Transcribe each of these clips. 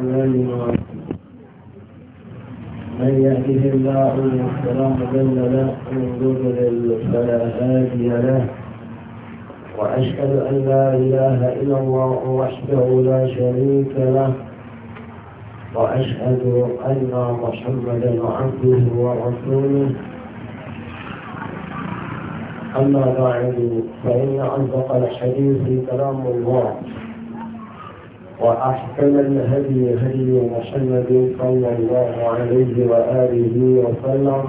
من يهده الله فلا مضل له ومن يضلل فلا هادي له واشهد ان لا اله الا الله وحده لا شريك له واشهد ان محمدا عبده ورسوله اما بعد فان اصدق الحديث كلام الله وأحسن الهدي هدي محمد صلى الله عليه وآله وسلم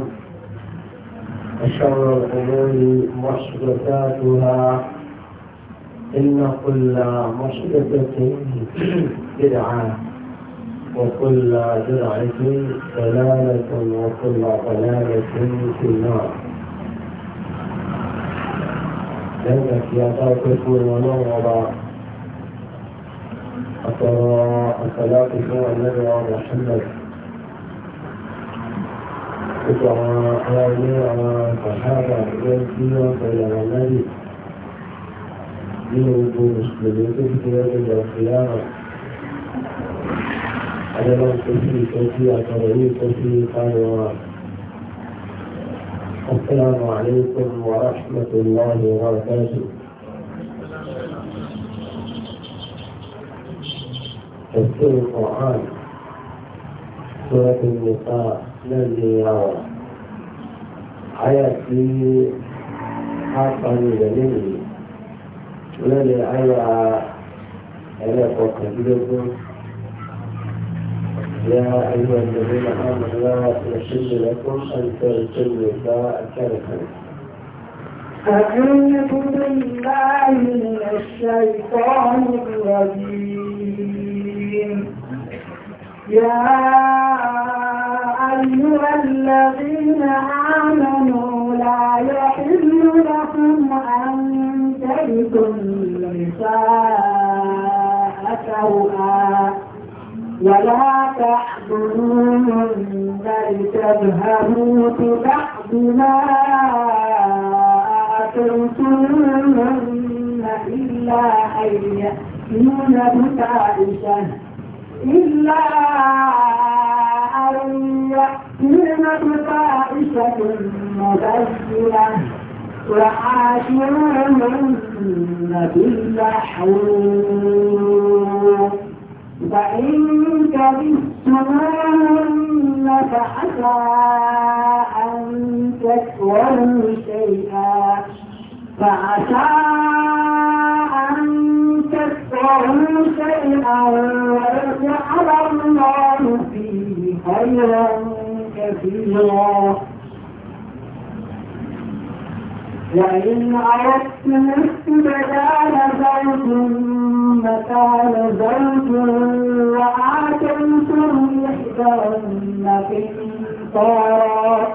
وشر الأمور محدثاتها إن كل محدثة بدعة وكل بدعة ضلالة وكل ضلالة في النار. لأنك يا ترى كفر ونور أترى الصلاة هو النبي محمد أترى آله على الصحابة والسيرة إلى النبي يرد مسلمين في يوم القيامة أنا لم أستطيع توفيع ترغيب توفيق السلام عليكم ورحمة الله وبركاته تفسير القرآن سورة النساء الذي يرى حياتي حقا جميل الذي أيا إليك وكبيركم يا أيها الذين آمنوا لا يحل لكم أن ترثوا النساء كرها أعوذ بالله من الشيطان الرجيم يا أيها الذين آمنوا لا يحل لكم أن ترثوا النساء سوءا ولا تحضرون لتذهبوا ببعض ما أتيتموهن إلا أن يأتون بفاحشة إلا أن يأتين بفاحشة مبينة وعاشرهن بالمحروف فإن كرهتموهن فعسى أن تكرهوا شيئا فعسى أن يكرهوا شيئا ويجعل الله فيه خيرا كثيرا وإن أردتم استبدال زوج مكان زوج وآتيتم إحداهن قنطارا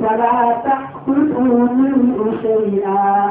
فلا تأخذوا منه شيئا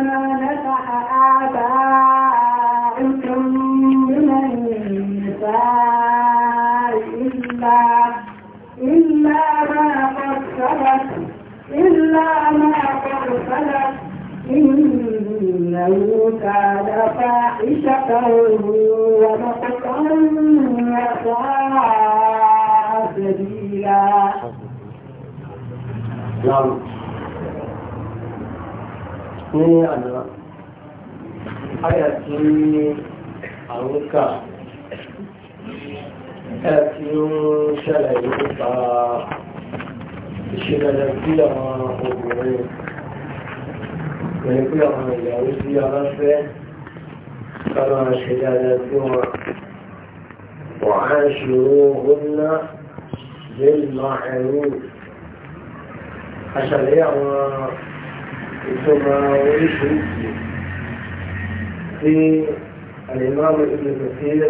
إنه كان فاحشة ومقتا وساء سبيلا obìnrin pẹ̀lú pé àwọn ìyàwó tí a bá fẹ́ kára ṣe dáadáa tí wọ́n wà á ṣòro ọ̀nà lẹ́yìnlá ẹ̀rú àṣàlẹ́ àwọn ìtọ́mà oríṣiríṣi tí alìmọ́mù ibn Kathir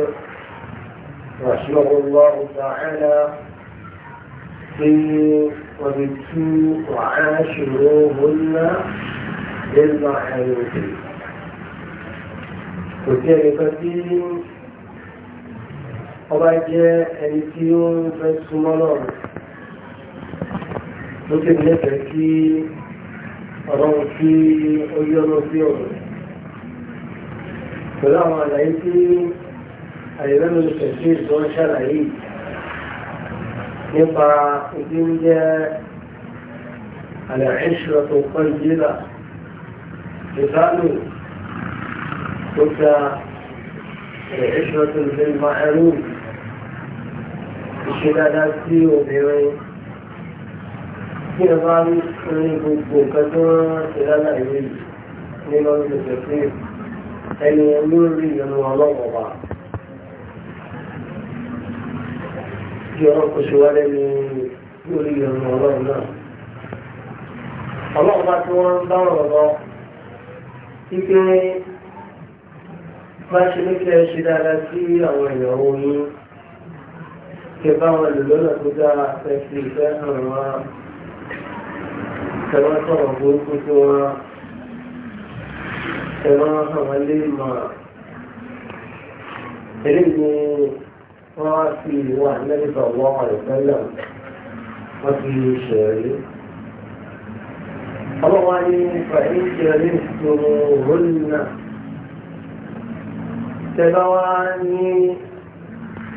رحمه الله تعالى في وبتو وعاشروهن lẹ́gbà ẹ̀rọ òkè kò sí ẹnìkan tí ọba jẹ́ ẹni tí ó ń fẹ́ súnmọ́ náà ló ti lẹ́fẹ̀ẹ́ kí ọlọ́run kí ó yọ́nú sí ọ̀rọ̀ pẹ̀lú àwọn àlàyé tí àìrẹ́nu ìfẹ̀sí ìtọ́ ṣàlàyé nípa ìdí ń jẹ́ àlàyé ìṣòro tó kọ́ ìdílà مثال قلت عشرة بالمعروف الشهادات في وبيعين kí ẹ bá rí orí gbogbo nǹkan tó rán ṣe lálẹ́ ìwé yìí nínú ìṣẹ̀ṣẹ̀ pé ẹni ẹni ó rí ìyọnu ọlọ́wọ́ wa. kí ọlọ́run kò ṣe wá lẹ́nu orí ìyọnu ọlọ́run náà. ọlọ́run bá tí wọ́n ń bá ọ̀rọ̀ lọ wípé bá ṣe ní kẹ́ ṣe dáadáa sí àwọn ìyàwó yín kẹ́ bá wọn lò lọ́nà tó dára fẹ́ fi ìfẹ́ hàn wọn tẹ̀wọ́n sọ̀rọ̀ burúkú sí wọn tẹ̀wọ́n hàn wọn lè mọ̀ eléyìí ni wọ́n fi ìwà nílẹ̀ ìfọ̀wọ́ àìsàn náà wọ́n fi ṣẹ̀rí ọlọ́wọ́ ní fàyín kẹrin tòrò hólùnà tẹ́lá wá ní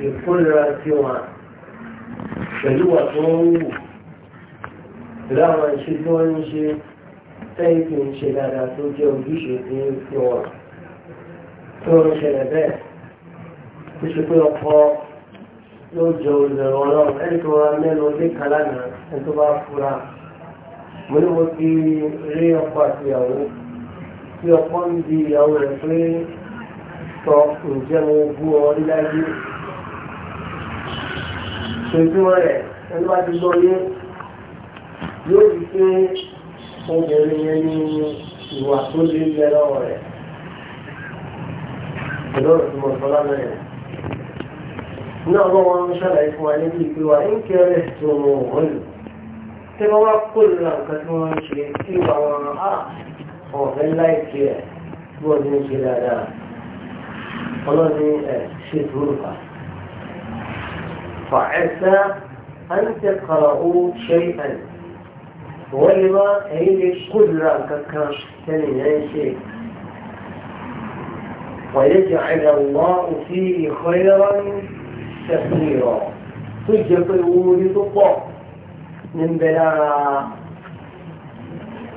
ìkórira tí wọn pẹ̀lú wà tó ń wù pẹ̀lú àwọn ìṣe tí wọ́n ń ṣe sẹ́yìn tí ń ṣe dáadáa tó jẹ́ ojúṣe tí ń fi tó ń ṣẹlẹ̀ bẹ́ẹ̀ tó ṣe pé ọkọ̀ ló jẹ olùrànlọ́wọ́ ẹni tó ra mẹ́rin lé kan ẹni tó bá fura mo ní mo ti rí ọkọ àti ìyàwó tí ọkọ ń di ìyàwó rẹ̀ pé sọ ǹjẹ́ mo bú ọ rí láyé ìṣèjúmọ́ rẹ̀ ẹni bá ti gbọ́ yé yóò rí pé obìnrin yẹn ní ìwà tó lé lẹ́ lọ́wọ́ rẹ̀ ìlọ́rọ̀ tí mo sọ lánàá yẹn. Ní ọgbọ́n wọn ń ṣàlàyé fún wa níbi ìpéwà ń kẹrẹ̀ tó mọ̀ wọ́n lò. تبغى كل كتمون شيء تبغى آه أو في الليل كذا بودني كذا لا الله زين شيء طرقة فعسى أن تقرأوا شيئا وإذا هي قدرة كتكاش تاني أي شيء ويجعل الله فيه خيرا كثيرا تجد الأمور تطلق ní bẹ lára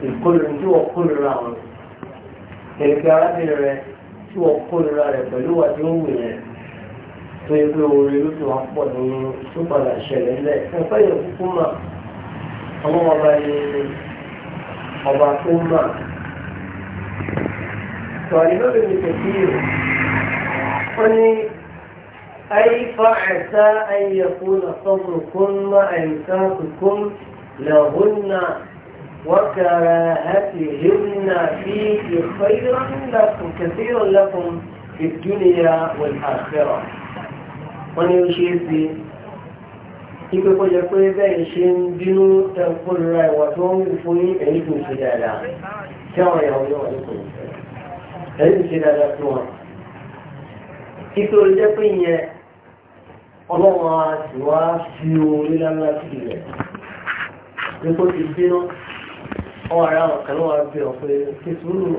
tí wọ́n kórìíra wọn kẹ̀kẹ́ arábìnrin rẹ tí wọ́n kórìíra rẹ pẹ̀lú wà tí ó wù yẹn tó yẹ pé orí ló ti wá pọ̀ ní tó padà ṣẹlẹ̀ lẹ̀ ẹ̀fẹ́ yẹn kúkú mà àwọn ọba yìí ọba tó mà tọ́lá ní lóde ní kẹ̀kẹ́ yìí wọ́n ní. أي فعسى أن يكون صبركم وإمساككم لهن وكراهتهن فيه خيرا لكم كثيرا لكم في الدنيا والآخرة wọ́n ní ó ṣe é fi ipe kó jẹ pé bẹ́ẹ̀ ṣe ń bínú ẹ̀kúnra ìwà tó ń wù fún yín èyí tó ṣe dáadáa tí àwọn ìyàwó yóò wà nípò ìfẹ́ èyí tó ṣe dáadáa fún wọn. ipe olùjẹ́ pé ìyẹn ọlọ́run àṣìwá sí orí lálá sí rẹ̀ ní kó ti bínú ọwọ́ ara àwọn kan wà bí ọ̀pẹ ṣe sùúrù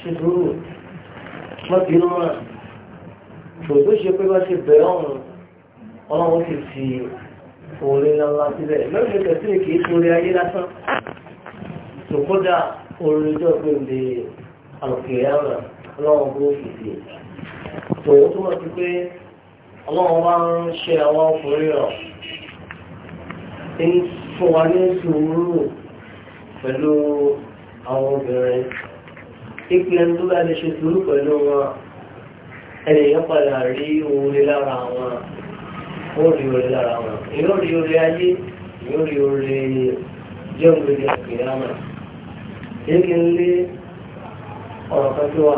ṣe sùúrù bínú náà tòótọ́ ṣe pé bá ṣe bẹ̀rẹ̀ ọ̀run ọlọ́run ti fi orí lálá sílẹ̀ lọ́sẹ̀ tẹ̀sílẹ̀ kì í torí ayé lásán tòkódà orin ìjọ pé ń de àlùkè yàrá ọlọ́run bó fi sí tòótọ́ wọ́n ti pé ọlọ́run máa ń ṣe àwọn ọkùnrin rọ̀ ń fún wa ní sùúrù pẹ̀lú àwọn obìnrin ìpìlẹ̀ ń dúró ẹni ṣe sùúrù pẹ̀lú wọn ẹnìyàn padà rí oore lára wọn ó rí lára wọn ìyóò rí oore ayé ìyóò rí oore jẹun ọ̀rọ̀ kan tó wà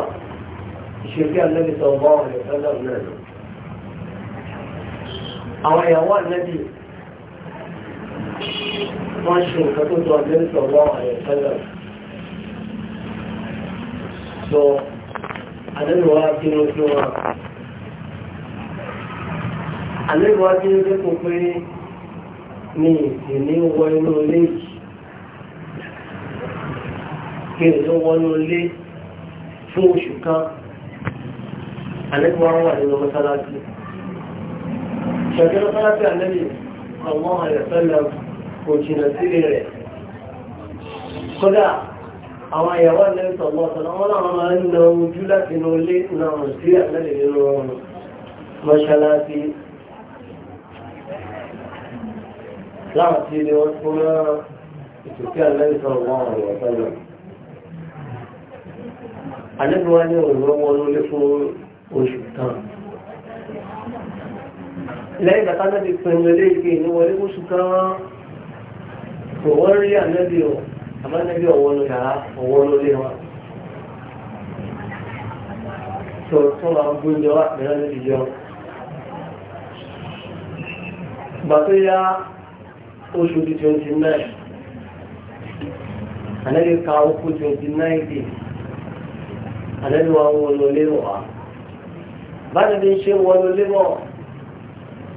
ìṣèlú àlẹ́bí sọ̀gbọ́n ọ̀rẹ́ fẹ́lẹ́ náà àwọn ìyàwó ànẹ́bì wọ́n ṣe nǹkan tó jọ ànẹ́bì sọ̀rọ̀ àyẹ̀fẹ́lẹ̀ sọ ànẹ́bì wá bínú sí wọn ànẹ́bì wá bínú sí kò pé ní ìsìn ní wọ inú ilé yìí kí n tó wọnú ilé fún oṣù kan ànẹ́bì wà nínú mọ́sálásí ṣàkẹ́rọ fẹ́lẹ́fẹ́ àlẹ́lẹ́ àwọn àyẹ̀fẹ́lẹ́ kò jìnà sílé rẹ̀ kódà àwọn ìyàwó àlẹ́lẹ́ sọ̀rọ̀ sọ̀rọ̀ wọn náà máa ń na ojú láti inú ilé náà sí àlẹ́lẹ́ nínú ọrùn mọ́ṣáláṣí láwọn tí ilé wọn lẹ́yìn bàtà náà ti pinnu léèké ní wọlé oṣù kan kò wọ́n rí ànábì ọ̀ àmọ́ ànábì ọ̀wọ́ ló yàrá ọ̀wọ́ ló lé wọn. tó tó máa ń gbóúnjẹ wá mìíràn níbi jọ. bàtà ya oṣù di twenty nine ànábì ka okú twenty nine dì ànábì wa wọ́n ló lé wọn. bá a ti ṣe wọ́n wọn.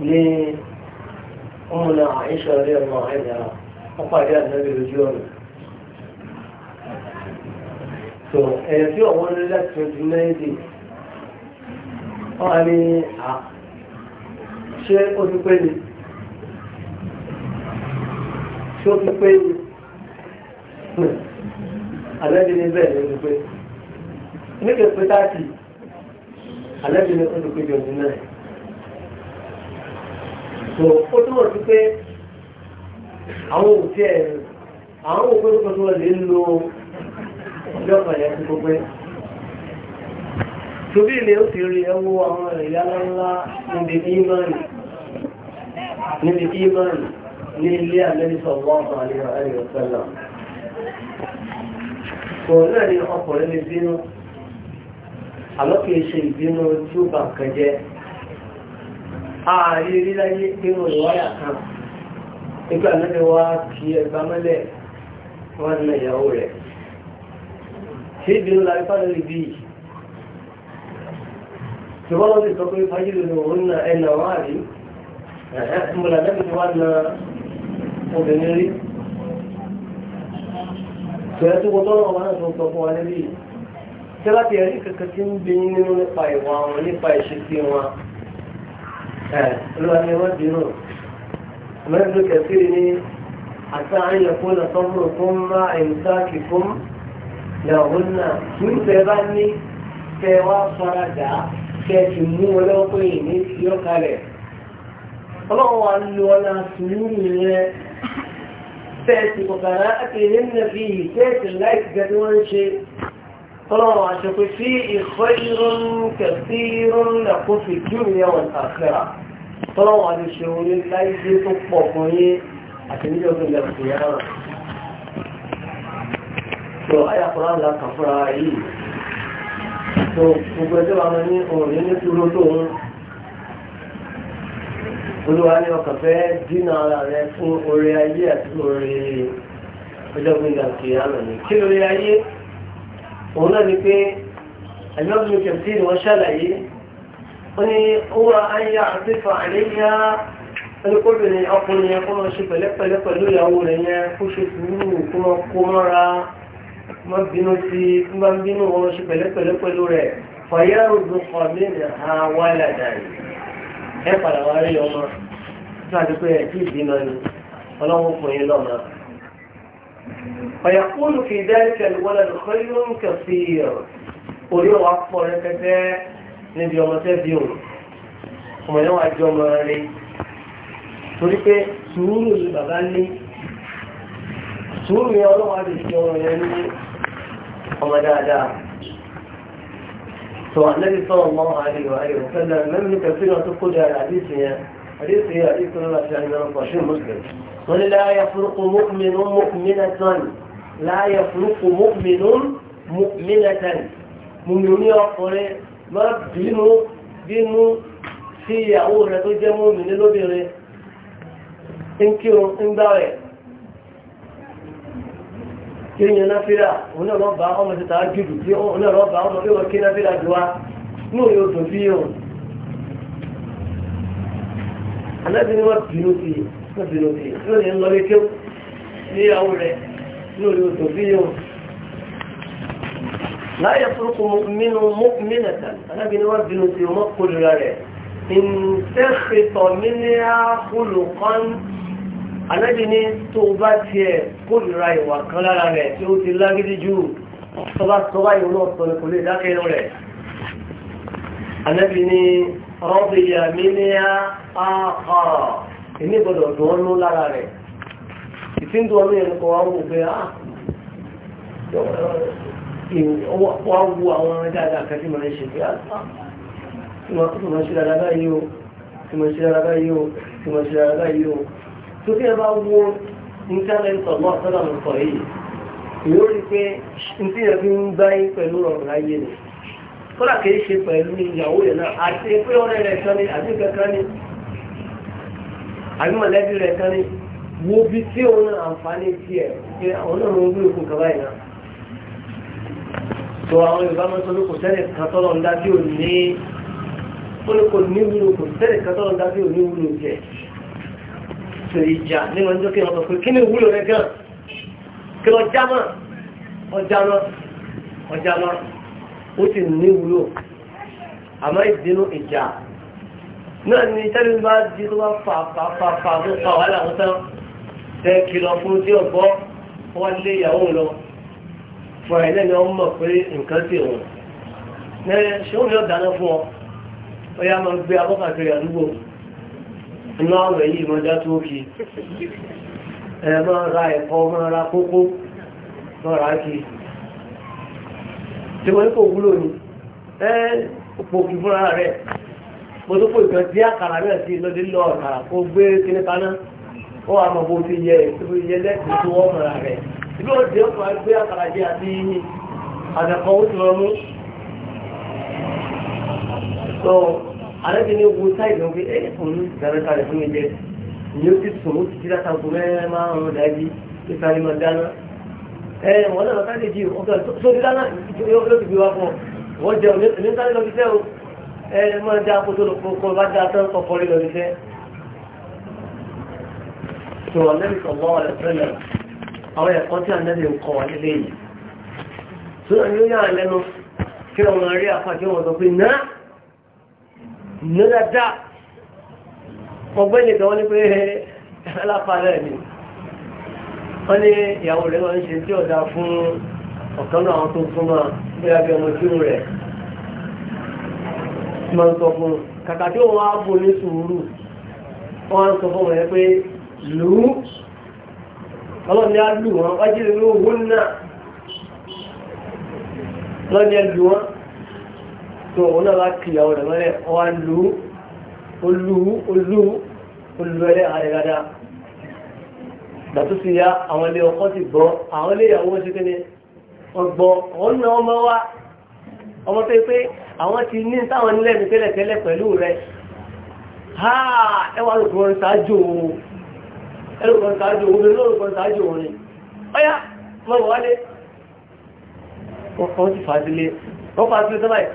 لأمنا عائشة رضي الله عنها وقال يا النبي رجل ẹ̀yẹ̀ tí ọ̀wọ́n ní láti 2019 wọ́n ní à ṣé ó ti pé ní ṣé ó ti pé ní àlẹ́bí ní bẹ́ẹ̀ so ó túmọ̀ sí pé àwọn òtí ẹ̀ àwọn òpin tó tó lè lo ọjọ́ kan yẹn tó gbogbo torí ilé ó ti rí ẹwọ́ àwọn ẹ̀yà ńlá níbi ìmánì níbi ìmánì ní ilé àmẹ́ríkà wọ́n kan àlejò àlejò sẹ́lá ààrí orílẹ̀-èdè pẹ̀lú ìwáyà kan nígbà náà wá kí ẹgbà mẹ́lẹ̀ wọ́n na ìyàwó rẹ̀ ṣé ìbínú la ipá lórí bí i ṣùgbọ́n wọ́n ti sọ pé fájìlì òun náà ti wá na Eh, olùwàní ẹwọ́n dínú mẹ́rin kẹfì ní àtàrin yẹ̀kún náà sọ́mùrù fún má ẹ̀yìnká kì fún lẹ́hùn náà kí ń bẹ bá ní kẹ wá fara dà kẹ ti mú wọn lọ́wọ́ pé yìí ní ti yọ kalẹ̀ ọlọ́run wa ń lo ọ̀nà sùúrù yẹn tẹ́ẹ̀sì kọ̀kàrà àti nínú fi yìí tẹ́ẹ̀sì láìsí gẹ́gẹ́ wọ́n ń ṣe ọlọ́run wa ṣe pé sí ìkọ́ ìrún kẹfì ìrún lẹ́kọ́ fi dúró yẹn wọn àkẹ́rà tọ́lọ́wọ́ àti ṣeun ní láìsí tó pọ̀ fún yí àti níjọ́ tó lè fi yára tó àyà fúnra ńlá yìí tó gbogbo ẹjọ́ wa ní òun ní ní dúró tóun olúwa ní ọkàn fẹ́ dínà ara rẹ fún orí ayé àti orí ọjọ́ gbígbà ti yára ni kí lórí ayé òun náà ni pé ẹ̀yọ́ mi kẹ̀kẹ́ ni wọ́n ṣàlàyé ni huwa ayé àrífà àríyá ẹlẹ́kọ́bìnrin ọkùnrin yẹn kọ́mọ ṣe pẹ̀lẹ́pẹ̀lẹ́ pẹ̀lú ìyàwó rẹ̀ yẹn kó ṣe sùúrù kọ́mọ kó mọ́ra má bínú sí i má bínú wọn ṣe pẹ̀lẹ́pẹ̀lẹ́ pẹ̀lú rẹ̀ fàyà òdùn kọ̀mínì ha wà ládàá ẹ padà wá rí ọmọ tó àti pé níbi ọmọ tẹ́bí òun ọmọ yẹn wá jọ ọmọ rẹ torí pé sùúrù ni bàbá ní sùúrù yẹn ọlọ́wọ́ àti ìṣẹ́ ọmọ yẹn ní ọmọ dáadáa tó ànábi sọ̀rọ̀ mọ́ àríwá àríwá sẹ́lẹ̀ mẹ́rin ní kẹfí náà tó kó di ara àdìsí yẹn àdìsí yẹn àdìsí náà láti àyìn náà pàṣẹ mọ́sẹ̀ wọ́n ní láyà fúrúkú mọ́kùnmínú mọ́kùnmínátán láyà fúrúkú mọ́kùnmínú mọ́kùnmínátán mùmí ní ọkùnrin má bínú bínú sí ìyàwó rẹ tó jẹ́ mú mi ní lóbìnrin ń kírun ń gbá rẹ̀ kí yẹn náfíra òun náà lọ́ba ọmọ ti tàá jùlù tí òun náà lọ́ba ọmọ bí wọ́n kí náfíra jù wá ní òye odò sí yìí o anábì ni bínú sí i wọ́n bínú sí i lónìí ń lọ lé kéwù ní ìyàwó rẹ̀ ní òye odò sí yìí o láyé fúrukú mímú mímú alábìnrin wá bínú sí wọn kórìíra rẹ̀ ìǹtẹ́fẹ̀tọ̀ mímíà olùkọ́n alábìnrin tó bá tiẹ̀ kórìíra ìwà kan lára rẹ̀ tí ó ti lágídí jù tọ́ba tọ́ba ìwọ náà sọ ni kò lè dákẹ́ inú rẹ̀ alábìnrin rọ́bìyà mímíà àkọ́rọ̀ èmi gbọ́dọ̀ dùn ọ́nú lára rẹ̀ ìfíndùn ọmọ yẹn kọ́ wá wò pé ah sí wá wo àwọn dáadáa kan tí mo ń ṣe pé àtúntò tí mo ń ṣe dáadáa báyìí o tí mo ń ṣe dáadáa báyìí o tí mo ń ṣe dáadáa báyìí o tó kí ẹ bá wo ní sálẹ̀ sọ̀gbọ́n àtọ́lá mi sọ yìí yóò rí pé n tí yẹn fi ń gbá yín pẹ̀lú ọ̀rọ̀ láyé ni kọ́lá kìí ṣe pẹ̀lú ìyàwó yẹn náà àti pé ọ̀rẹ́ rẹ̀ kan ni àbí kankan ni àbí mọ̀lẹ́bí rẹ̀ kan ni wo bí tí òun àǹfààní tiẹ̀ pé àwọn náà ló ń gbé òkú kaba yìí náà tó àwọn yorùbá máa ń sọ pé kò sẹ́nì kan tọ́lọ̀ ń dá tí ò ní ó ní kò ní wúlò kò sẹ́nì kan tọ́lọ̀ ń dá tí ò ní wúlò jẹ́ sọ ìjà nínú ọjọ́ kí wọ́n sọ pé kí ni wúlò rẹ gan kí lọ já mọ́ ọjà náà ọjà náà ó sì ní wúlò fún ẹ̀ lẹ́ni wọ́n mọ̀ pé nǹkan ti wọ̀n ní ṣéun yóò dáná fún ọ ó máa gbé abọ́kàkiri àdúgbò iná ọ̀rẹ́ yìí mọ́já tó kí ẹ máa ra ẹ̀kọ́ máa ra kókó máa ra kí tí wọ́n kò wúlò ní ẹ pò kí fúnra rẹ̀ mo tó pò ìgbà tí àkàrà náà sí lọ́dí lọ ọ̀kàrà kó gbé kíní kaná ó wà mọ̀ bó ti yẹ ìyẹlẹ́kùn tó wọ́n mọ̀ra rẹ̀ lóòdì ọkọ̀ ẹgbẹ́ àkàràjẹ àti àdàkọ̀ oṣù ọmú sọ àrẹ́bí ní wo táìlì wọn pé ẹ fún mi ìdáná ni ó ti sùn ó ti ti láta kó mẹ́rẹ́ máa ń rọ̀dà yìí ní sáré máa dáná ẹ wọn náà sáré di ọkọ̀ tó ti dáná ló ti gbé wá fún ọ wọ́n jẹun ní sáré lọ fi tẹ́ o ẹ máa dá kó àwọn ẹ̀kọ́ tí ànẹ́bì ń kọ wà nílé yìí tó náà ni ó lẹ́nu kí ọmọ rí apá tí wọ́n sọ pé náà ní dáadáa ọgbẹ́ nìkan wọ́n ní pé alápá rẹ̀ ni wọ́n ní ìyàwó rẹ̀ wọ́n ṣe tí ọ̀dà fún ọ̀kan náà àwọn tó fún ọlọ́run ni a lù wọn wájú ìlú òun náà lọ́ni ẹlù wọn tó òun náà bá kìyàwó rẹ̀ mọ́lẹ̀ wọ́n lù ú olú olú olú ẹlẹ́ ààrẹ dáadáa dàtú sí ya àwọn ilé ọkọ ti gbọ́ àwọn ilé ìyàwó wọn ṣe kí ni wọ́n gbọ́ òun náà ọmọ wa ọmọ tó pé àwọn ti ní táwọn nílẹ̀ mi tẹ́lẹ̀ pẹ̀lú rẹ̀ ha ẹwà lóko wọn ṣáájú o ẹlò kan sáájú òun lóòrùn kan sáájú òun ni ọyá mọ́wọ́ wálé wọ́n ti fàájílé wọ́n fàájílé sọ́bà ẹ̀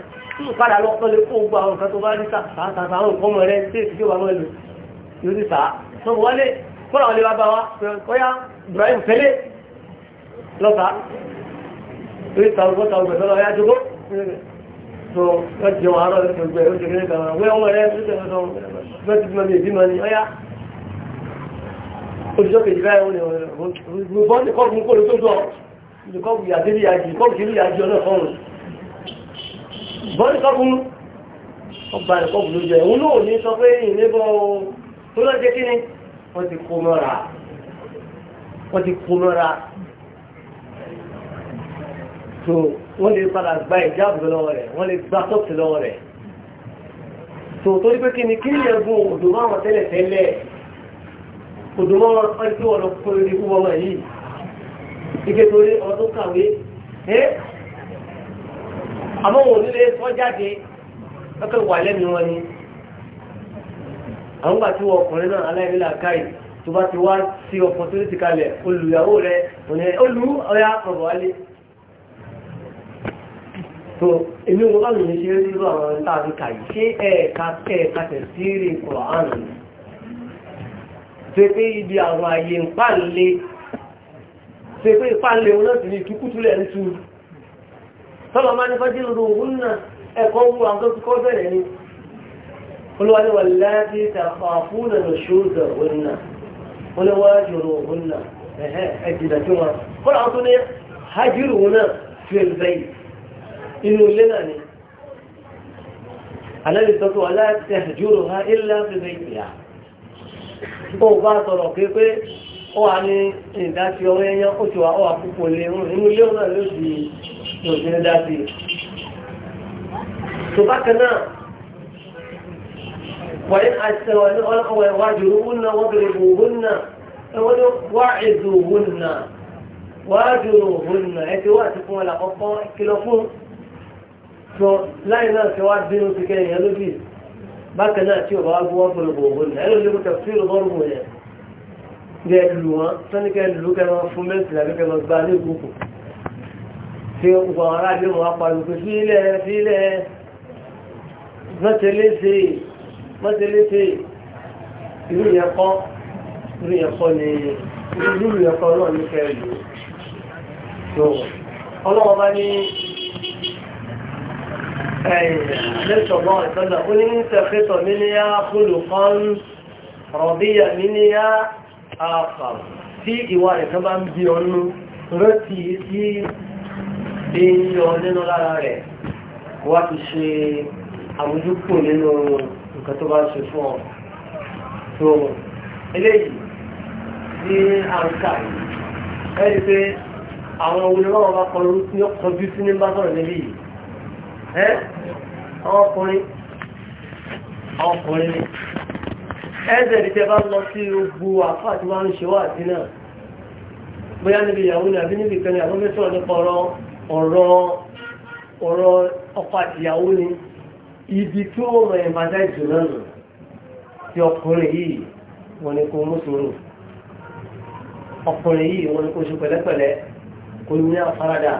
padà lọ́pọ̀lẹ́ kó gbà àwọn kan tó bá rí sàtàtà àwọn nǹkan mọ̀ rẹ̀ tí èsì yóò bá mọ́ ẹlò yóò ti sàá mọ́wọ́ wálé kọ́ra wọlé bá bá wa ọyá Ibrahim fẹ́lẹ́ lọ́ta orí tàwọn gbọ́ta ọgbẹ̀ lọ́la ọyá jogó so olùjọ́ kejì báyìí wọ́n ni bọ́ ní kọ́ọ̀bù kó ló tó dọ̀ ní kọ́ọ̀bù ní yàjì kọ́ọ̀bù ní yàjì ọ̀nà fọ́ọ̀rùn bọ́ ní ọba ní ló jẹ òun náà ní sọ pé ìnébọ̀ kò dùn mọ́ wọn tí wọn ọmọ yìí ike torí ọdún kàwé ẹ àmọ́ wọn nílé sọ jáde wà lẹ́nu wọn ni àwọn gbà tí wọn ọkùnrin náà aláìníla káyì tó bá ti wá sí ọkàn tó ti kalẹ̀ olùyàwó rẹ òní olú ọyá ọ̀rọ̀ wálé so èmi wọn bá mi ní ṣe é nínú àwọn tá a ṣé ẹ̀ẹ̀ka ẹ̀ẹ̀ka tẹ̀síìrì kùrọ̀ àrùn ṣe pé ibi àwọn àyè ń pàlè ṣe pé ìpàlè wọn láti ní kíkútúlẹ̀ ń tu tọ́lọ máa ní fájí lórí òun náà ẹ̀kọ́ wú àwọn tó kọ́ bẹ̀rẹ̀ ni olúwaníwà láti tàfà fún ẹ̀nà ṣóòdà òun náà olúwájú òun náà ẹ̀jìdà tí wọn kọ́ làwọn tó ní hajjúrù òun náà fi ẹ̀lẹ́ inú ilé náà ha ilá fi bẹ́ẹ̀ ó bá sọ̀rọ̀ pé pé ó wà ní ìdásí ọwọ́ ẹyán ó ti wà ó wà púpọ̀ lé inú ilé náà ló sì lò sí ní dásí tó bákan náà wàyí àṣẹ wà ní ọlọ́wọ́ ìwájú òun náà wọ́n bèrè òun náà ẹwọ́n ló wá èdè òun náà wájú òun náà ẹ ti wá àti fún ẹ làkọ́kọ́ kìlọ̀ fún sọ láì náà ti wá dínú ti kẹ́ ìyẹn lójú yìí bákan náà tí ọba wá fún gbogbo nà ẹ̀rọ lè mú tafsir bọ́ọ̀rù mú yẹn ní ẹlù wọn sọ́ni kẹ́ lù kẹ́ wọn fún mẹ́sì àbí kẹ́ wọn gba ní ìgbókù tí ọgbà wọn ará ilé wọn wá pariwo pé fílẹ̀ fílẹ̀ mọ́tẹ́lẹ́sẹ̀ lẹ́sọ̀gbọ́n ìtọ́jà ó ní tẹ̀fẹ́tọ̀ níníyá kúlùkọ́n rọ̀bíyà níníyá àfàm tí ìwà ìkan bá ń bí ọnú rántí tí èèyàn nínú lára rẹ̀ wá ti ṣe àmójúkù nínú nǹkan tó bá ń ṣe fún ọ tó eléyìí ní àǹkà yìí ẹni pé àwọn sí ní bá sọ̀rọ̀ níbí yìí ẹ́ ọkùnrin ọkùnrin ẹ̀ẹ́dẹ̀ ní bá lọ sí gbogbo àfáà tí wọ́n ń ṣe wà sí náà bóyá níbi ìyàwó ni àbí níbi kan àwọn fẹ́ nípa ọ̀rọ̀ ọ̀rọ̀ ọ̀rọ̀ ọkọ ni ibi tí ó rọ̀ ẹ̀mádá ìjù náà nù tí ọkùnrin yìí wọ́n ní kó mú sùúrù ọkùnrin yìí wọ́n ní kó ṣe pẹ̀lẹ́pẹ̀lẹ́ kó ní àfaradà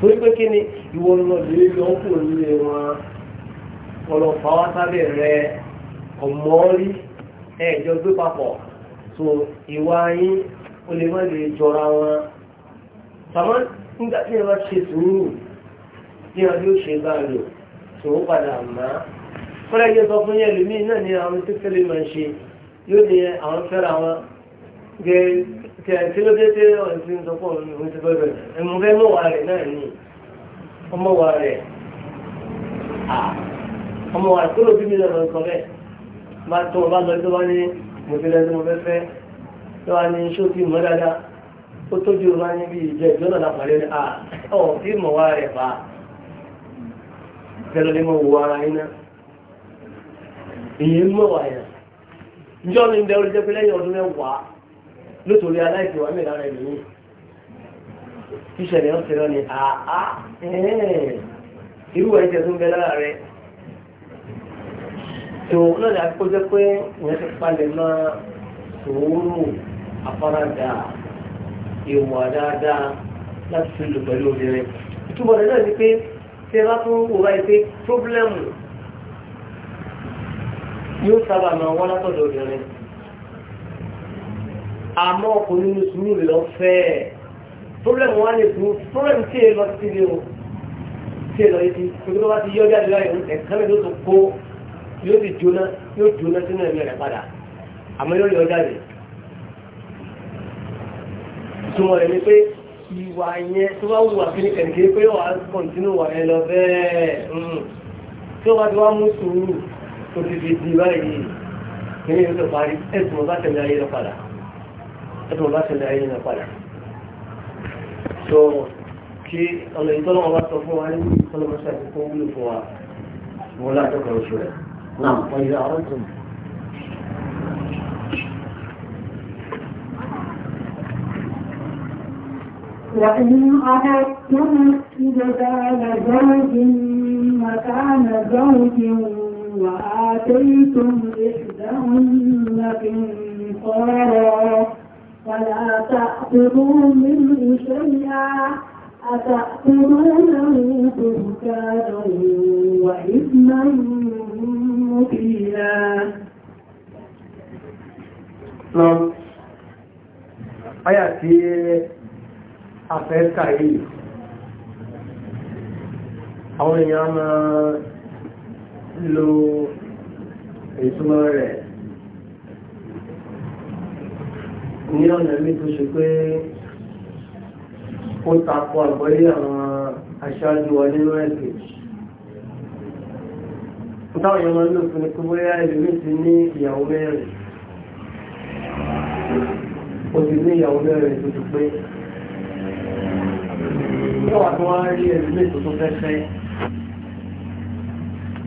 torí pé kí ni ìwọ lọ lè lọ kù nílé wọn ọlọ́pàá wá sábẹ́ rẹ ọmọ rí ẹ̀jọ́ gbé papọ̀ so ìwà yín o lè má lè jọra wọn sàmọ́ nígbà tí ẹ bá ṣe sùúrù ní ọdún ó ṣe bá lò tó ó padà mọ́ fúnra ẹgbẹ́ sọ fún yẹn lómi náà ni àwọn tó fẹ́lẹ́ máa ṣe yóò ní àwọn fẹ́ra wọn gẹ́gẹ́ kí ẹ kí ló dé dé ọ̀rẹ́ tí ń sọ fún ọ̀rẹ́ òun ti fẹ́ bẹ̀rẹ̀ ẹ̀mú fẹ́ mọ̀wá rẹ̀ náà ni ọmọwà rẹ̀ ọmọwà tó ló bí mi lọ́rọ̀ sọ bẹ́ẹ̀ bá tó ọba lọ tó bá ní mo ti lẹ́nu mo fẹ́ fẹ́ tó wá ní ṣó ti mọ́ dáadáa ó tójú ọba ní bí ìjẹ́ ìjọ́ náà lápàdé ní à ọ̀ tí mọ̀wá rẹ̀ bá tẹ́lọ ní mọ̀ wọ ara iná ìyẹn mọ̀wá yẹn ìjọ́ mi ń bẹ orí jẹ́ pé lẹ́yìn ọdún mẹ́wàá nítorí aláìsí wà mẹ́lára ẹ̀mí ní ìṣẹ̀lẹ̀ ọ̀sẹ̀ lọ́ni àá irú ẹ̀jẹ̀ tó ń bẹ lára rẹ̀ tó náà ní akókò jẹ́ pé wọ́n ti palẹ̀ mọ́ sòwúrò afárádà ìwà dáadáa láti fi lò pẹ̀lú obìnrin ìtumọ̀ rẹ̀ náà ni pé tí ẹ bá tún wò báyìí pé pírọ́blẹ́mù yóò sábà máa wọ́n látọ̀dọ̀ obìnrin àmọ́ ọkùnrin ní sùúrù lọ fẹ́ ẹ̀ problem wa ni sùúrù problem tí èèyàn lọ sí ilé o tí èèyàn lọ yìí ti kókó tó bá ti yọ jáde láyé ẹ̀kan ló tó kó yóò ti jóná yóò jóná sínú ẹ̀mí rẹ̀ padà àmọ́ yóò yọ jáde ìtumọ̀ rẹ̀ ni pé ìwà yẹn tó bá wùwà kí kẹ̀kẹ́ pé wà á kọ̀ǹtínú wà ẹ lọ bẹ́ẹ̀ tí wọ́n bá ti wá mú sùúrù tó ti fi di báyìí kí ní ìlú tó parí ẹ̀sùn bá tẹ̀lé ayé lọ padà. أدو الله كان لعينينا طالح سو كي الله يطلع الله صفوه عليه صلى الله عليه وسلم ولا تكره نعم وإذا أردتم وإن أردتم استبدال زوج مكان زوج وآتيتم إحداهن قنطارا فلا تأخذوا منه شيئا أتأخذونه بهتانا وإثما مبينا Aya tí a fẹ́ kà yìí, àwọn èèyàn máa lo ìtumọ̀ rẹ̀ ní ọ̀nà mi tó ṣe pé ó takọ àgbọ́lé àwọn aṣáájú wa nínú ẹ̀sìn táwọn èèyàn máa ń lò fún ní kúbọ́ yá ẹlòmí ti ní ìyàwó mẹ́rin ó ti ní ìyàwó mẹ́rin tó ti pé yóò wá tó wá rí ẹlòmí tó tó fẹ́fẹ́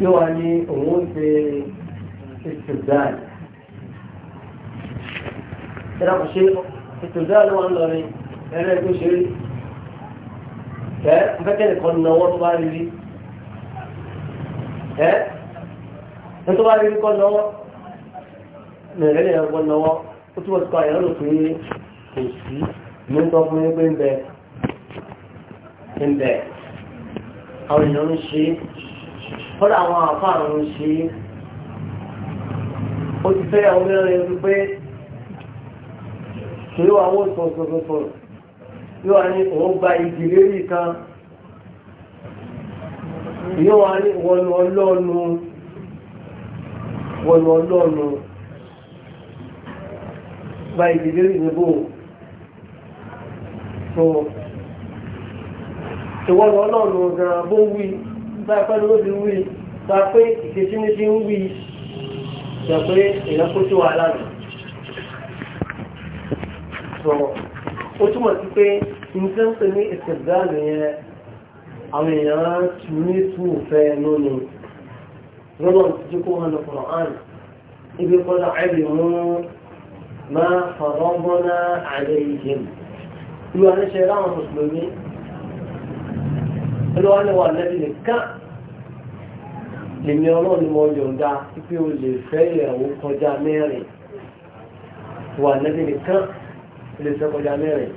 yóò wá ní òun ó ṣe ìṣẹ̀dáì ẹ̀rọ ṣe ètò ìdáàlú wa ń lọ ṣe rí ẹ̀ ń fẹ́ kẹ́lẹ̀ kan tó bá rí rí ẹ̀ ń tó bá rí rí kan náwó mẹ̀rẹ̀ lè kan náwó ó túbọ̀ tó àyẹ̀wò lò pé kò sí ní ń fún yín pé ń bẹ ń bẹ àwọn èèyàn ń ṣe kọ́dà àwọn àfáà ń ṣe ó ti fẹ́ ọmọ ẹ̀rọ ẹ̀rọ tó yóò àwọn òṣòṣòṣòṣò yóò wá ní òun gba igi lérí kan yóò wá ní wọnú ọlọ́nu wọnú ọlọ́nu gba igi lérí níbò tó ìwọ̀n ọlọ́nu gan bó wí bá ẹ̀fẹ́ ló ti wí ta pé ìṣesí ní ti ń wí ìṣẹ̀pẹ́ ìyẹn kó sí wàhálà nù sọ̀rọ̀ ó túmọ̀ sí pé nǹkan pè ní ìsìndáàlù yẹn àwọn èèyàn tù ní tù fẹ́ lónìí lọ́nà tí kò hàn lọ́kùnrin àn ibi kọ́lá àìlè mú máa fọ̀rọ̀gbọ́nà àlẹ́ ìjẹ́ ìlú àníṣe láwọn mùsùlùmí ìlú àníwà lẹ́bí nìkan lèmi ọlọ́run mọ yọ̀ǹda pípé o lè fẹ́ ìyàwó kọjá mẹ́rin wà lẹ́bí nìkan ilé iṣẹ́ kọjá mẹ́rin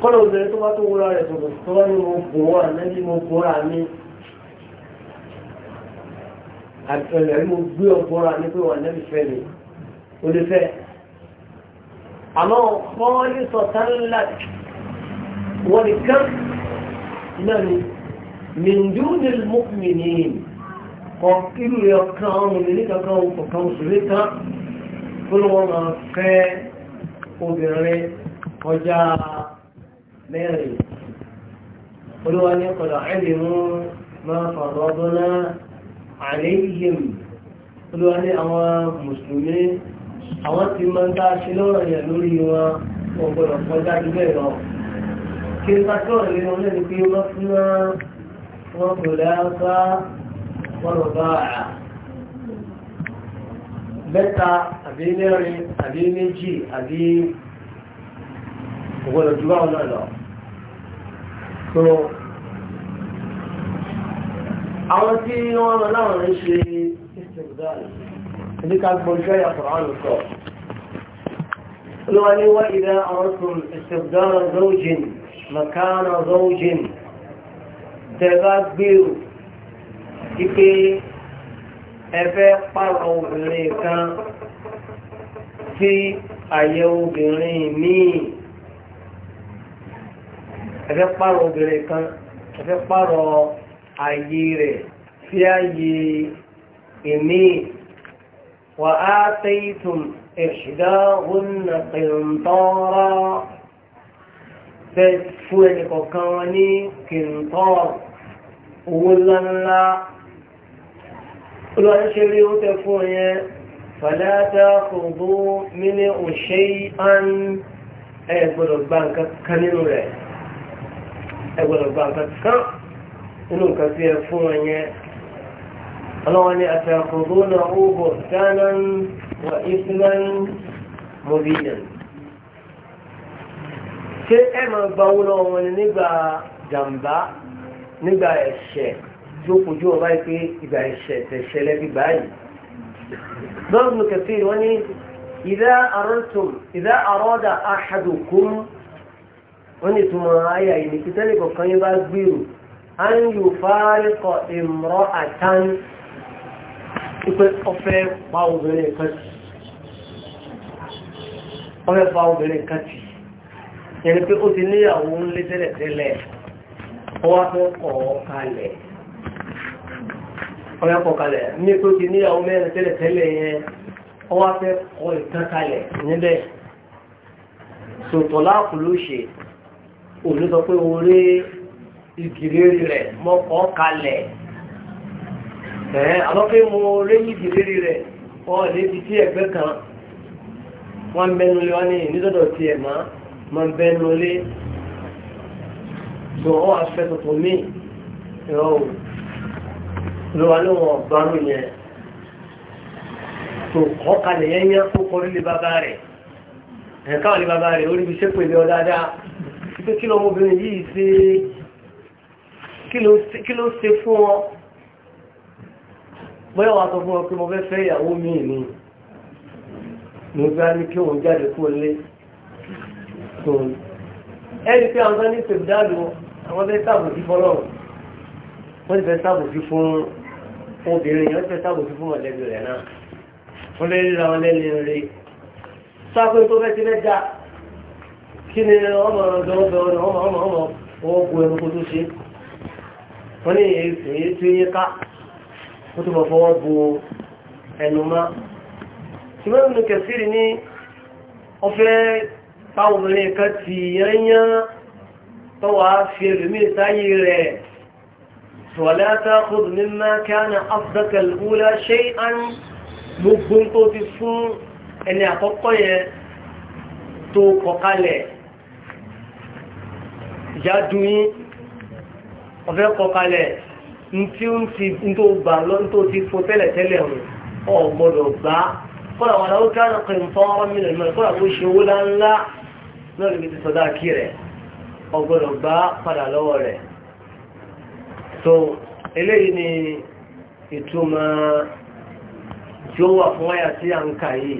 kọ́lọ̀ obìnrin tó bá tó wúra rẹ̀ tòkò tó wá ní mo bò wá nẹ́bí mo bòra mi àtẹ̀lẹ̀ mo gbé ọ̀bọ̀ra mi pé wà nẹ́bí fẹ́ mi ó lè fẹ́ àmọ́ kọ́ọ́lì ọ̀kan ọmọ mi ní kankan òkùnkan òṣèré kan tó lọ́wọ́ máa fẹ́ obìnrin kọjá mẹ́rin olúwa ní kọ̀dọ̀ ẹ̀lìmú máa fọ̀rọ̀ ọdúnná àléyìn olúwa ní àwọn mùsùlùmí àwọn ti máa ń dá ṣe lọ́rọ̀ yẹn lórí wọn wọn gbọ́dọ̀ kọjá jù bẹ́ẹ̀ lọ kí n bá tọ́rọ̀ lé wọn lẹ́nu pé wọ́n fún wọn kò dáa bá wọn lọ bá àà mẹ́ta àbí mẹ́rin àbí méjì àbí ògbọ́dọ̀ ju báwọn náà lọ. so àwọn tí wọ́n lọ láwọn ń ṣe ìsìnkúdáàlì ní ká gbọ́n jẹ́ ìyàtọ̀ àrùn sọ. olúwa ní wá ìdá ẹfẹ́ pàrọ̀ obìnrin kan sí àyè obìnrin míì ẹfẹ́ pàrọ̀ obìnrin kan ẹfẹ́ pàrọ̀ àyè rẹ̀ sí àyè èmi wà á tẹ́yìtùm ẹ̀ṣìdá húnnà kìntọ́rọ̀ fẹ́ fún ẹnìkọ̀ọ̀kan ní kìntọ́rọ̀ owó ńláńlá olùwàrí ṣe rí oúnjẹ fún yẹn fàdáta kòbó mini òṣè án ẹ gbọ́dọ̀ gba nǹkan kan nínú rẹ̀ ẹ gbọ́dọ̀ gba nǹkan kan nínú nǹkan tí ẹ fún yẹn ọlọ́wọ́n ni àtàkùnbó náà ó bọ̀ dánan wà ìfúnan mọ́bíyàn ṣé ẹ máa gba owó lọ́wọ́ nígbà jàǹbá nígbà ẹ̀ṣẹ̀ yóò fojú ọba yìí pé ìgbà ìṣẹ̀lẹ̀ bí báyìí. lọ́ọ̀bù kẹfì wọ́n ní ìdá àrọ́tùm ìdá àrọ́dà ahadukum wọ́n ní ìtumọ̀ ayà yìí ní kí tẹ́lẹ̀ kọ̀ọ̀kan yín bá gbèrò à ń yò fáríkọ ìmọ̀rọ̀ àtàn ìpè ọ̀fẹ́ pa obìnrin kan tì ọ̀fẹ́ pé ó ti níyàwó ń lé tẹ́lẹ̀ tẹ́lẹ̀ ọwọ́ fẹ́ kọ̀ kalẹ̀ ọ̀yá kọ̀ kalẹ̀ ní tó ti níyàwó mẹ́rin tẹ́lẹ̀ tẹ́lẹ̀ yẹn ọ wá fẹ́ kọ ìtàn kalẹ̀ níbẹ̀ sòtọ̀lá kù ló ṣe òun sọ pé orí ìgìlérí rẹ̀ mọ́kọ́ kalẹ̀ ẹ̀ alọ́pẹ́ mo rí ìgìlérí rẹ̀ ọ lébi tí ẹgbẹ́ kan wọ́n bẹnu lé wọ́n ní ìnídọ́dọ̀ tí ẹ̀ máa máa bẹnu lé tó ọ wá tuntun míì ẹ̀rọ òun ló wà lóhùn ọ̀gbọ́nù yẹn tó kọ́ kalẹ̀ yẹn yẹn kó kọ́ lílé bàbá rẹ̀ ẹ̀ka òní bàbá rẹ̀ ó níbi sépè lé ọ dáadáa pé kí ló ọmọbìnrin yìí ṣe kí ló ṣe fún ọ bóyá wàá sọ fún ọ pé mo fẹ́ fẹ́ ìyàwó mi ni mo bá ní kí òun jáde kó lé ẹni pé àwọn sọ ní ìpèbí àwọn fẹ́ sáàbò fọlọ́run wọ́n ti fẹ́ sáàbò fún obìnrin yẹn fẹ́ sábòjú fún mọ̀lẹ́bí rẹ̀ náà wọ́n lè ríra wọn lẹ́ni rí sáfẹ́ tó fẹ́ ti fẹ́ kí ni ọmọ ọ̀dọ́gbẹ̀ ọ̀nà ọmọ ọmọ ọmọ owó bu ẹnu kó tó ṣe wọ́n ní èyí tó yẹ ká ó tó bọ̀ fọwọ́ bu ẹnu má ṣùgbọ́n nínú kẹsìrì ní ọfẹ́ táwọn obìnrin kan ti yẹn yán tọ́wọ́ fi ẹlòmíì sáyé rẹ̀ ولا تأخذ مما كان قصدك الأولى شيئا مبن تفسون أن يعطي تقال جادوي ọ̀fẹ́ kọkalẹ̀ tí ó ń ti tó gbà lọ tó ti fò tẹ́lẹ̀ tẹ́lẹ̀ ọ̀ gbọ́dọ̀ gbá kọ́lá wọn láwọ́ káàkiri kìí fọ́ ọmọ mi lẹ́nu kọ́lá kó ṣe owó láńlá lọ́rọ̀ ibi ti sọ́dá kí rẹ̀ ọ̀ gbọ́dọ̀ gbá padà lọ́wọ́ rẹ̀ so eléyìí ni ìtumọ̀ tí ó wà fún àyà tí a ń kà yìí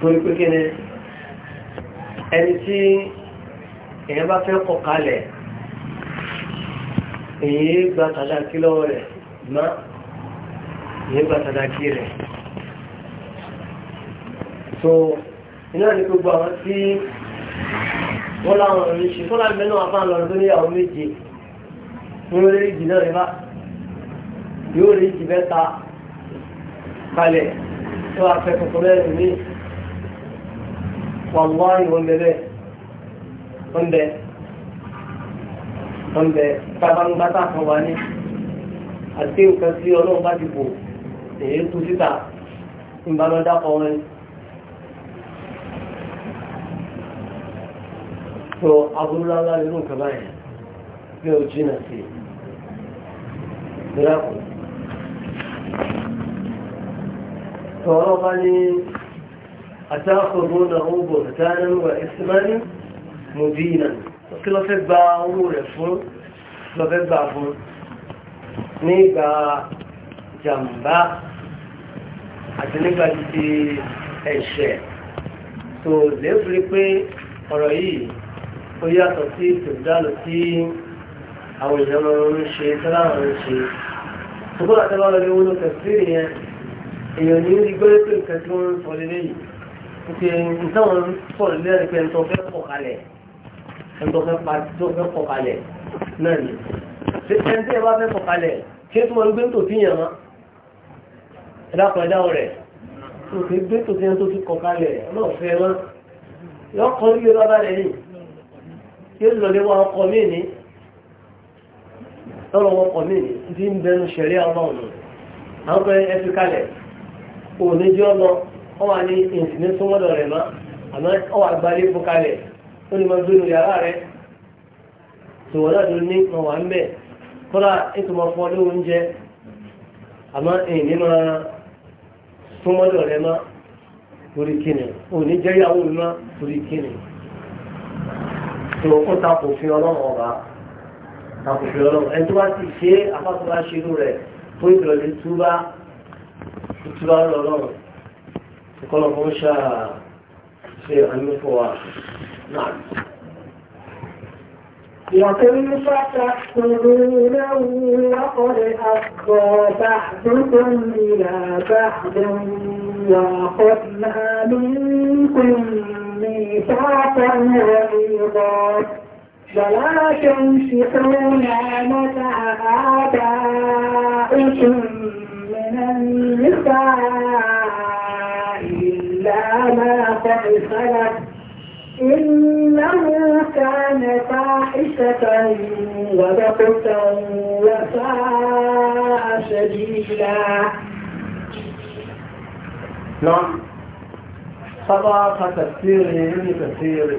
torí pé kí ni ẹni tí èèyàn bá fẹ́ kọ̀ kalẹ̀ èyí gba tàdákí lọ́wọ́ rẹ̀ má èyí gba tàdákí rẹ̀ so iná ní gbogbo àwọn tí wọ́n láwọn ọ̀rọ̀ ní ṣe fọ́nà mẹ́nu àbá lọ́rọ̀ tó níyàwó méje yóò rí ìjì náà rẹ̀ yóò rí ìjì mẹ́ta kalẹ̀ tó wà fẹ́ kọ̀kọ́ mẹ́rin ní wàlúwàlú wọn bẹ̀rẹ̀ wọn bẹ̀ wọn bẹ̀ tabangbata kan wà ní àti nǹkan tí ọlọ́run bá ti bò èyí tú síta ìbálọ́dá kan wọn. So, aburú lálá nínú nǹkan bí o jìnnà sí i ìrẹ́kùn tọ́rọ bá ní àtàkùnrin náà ó bọ̀ dáadáa wà ìsìnmáyé mùdínà kí lọ fẹ́ gba owó rẹ̀ fún lọ fẹ́ gbà fún nígbà jàmbá àti nígbà títí ẹ̀ṣẹ̀ tó lè fi pé ọ̀rọ̀ yìí ó yàtọ̀ sí tòdálò sí àwọn èèyàn máa ń ṣe tọ́láwọn ń ṣe ṣùgbọ́n àtàwọn ọlọ́dún wọn ló tẹ̀síìrì yẹn èèyàn ní rí gbé pé nǹkan tí wọ́n ń sọ lé léyìí pé táwọn ń sọ lé lẹ́yìn pé ẹ̀ńtọ́ fẹ́ pọ̀ kalẹ̀ ẹ̀ńtọ́ fẹ́ pọ̀ kalẹ̀ náà ni ṣé ẹ̀ńtẹ́ bá fẹ́ pọ̀ kalẹ̀ kí ló tún máa ń gbé tòtí yẹn mọ́ ẹ̀dá kan ẹ̀dá rẹ̀ òkè gbé tòtí yẹn tó ti kọ̀ kalẹ̀ náà fẹ́ wọn yọ lọ́rọ̀ wọn kọ̀ mí tí ń bẹnu ṣẹ̀rí ọlọ́run àwọn pẹ̀lú ẹ̀fí kalẹ̀ òní jẹ́ ọlọ wọ́n wà ní ìsìnní súnmọ́dọ̀ rẹ̀ mọ́ àmọ́ wọ́n wà gbalé fún kalẹ̀ ó ní máa gbénu yàrá rẹ̀ tòwọ́ náà ló ní wọn wà ń bẹ̀ kọ́lá ètò máa fọ́ lóhun jẹ àmọ́ ìní máa súnmọ́dọ̀ rẹ̀ mọ́ torí kíni òní jẹ́ ìyàwó mi mọ́ torí kíni tó ó kò fi ọlọ́run ọba takòfin ọlọ́run ẹni tó bá ti ṣe afásọ́lá ṣe inú rẹ̀ tó ìbẹ̀rẹ̀ lè túbá túbá lọ́rọ̀ kọ́lọ̀ fún ṣá ṣe àmúfọ́ wa náà. وَكَمْ تَحْسَبُونَهُ لَقَدْ أَفْضَىٰ بَعْضُكُمْ إِلَىٰ بَعْضٍ وَأَخَذْنَا مِنكُم مِّيثَاقًا غَلِيظًا فلا تنسحون متى آبائكم من النساء إلا ما قد خلت إنه كان فاحشة وبقتا وساء سبيلا نعم صداقة تفسير من تفسير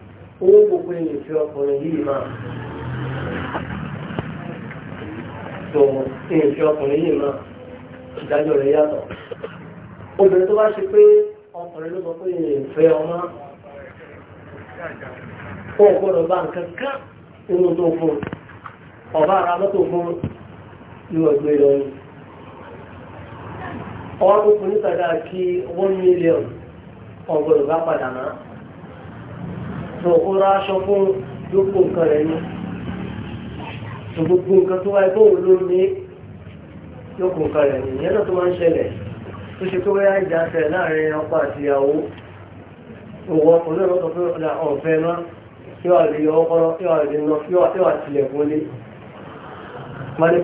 owó gbogbo èèyàn fi ọkùnrin yìí máa tó èèyàn fi ọkùnrin yìí máa ìdájọ́ rẹ̀ yàtọ̀ obìnrin tó bá ṣe pé ọkùnrin ló sọ pé èèyàn fẹ́ ọmọ ó gbọ́dọ̀ bá nǹkan kan nínú tó fún ọba ara mọ́tò fún ìwọ ìgbé lọ ni ọwọ́ tó fún nípa dáa kí one million ọgbọ́dọ̀ bá padà náà so ó aṣọ fún yókò nǹkan rẹ̀ ní so nǹkan tó wáyé bóun ló ní yókò nǹkan rẹ̀ ní ìyẹn tó máa ń ṣẹlẹ̀ tó ṣe tó wáyé ìjà láàrin ọkọ àti ìyàwó òwò ọkùnrin ọ̀fẹ́ náà kí lè yọ ọkọ kí lè lọ kí wàá tilẹ̀kùn lé má ní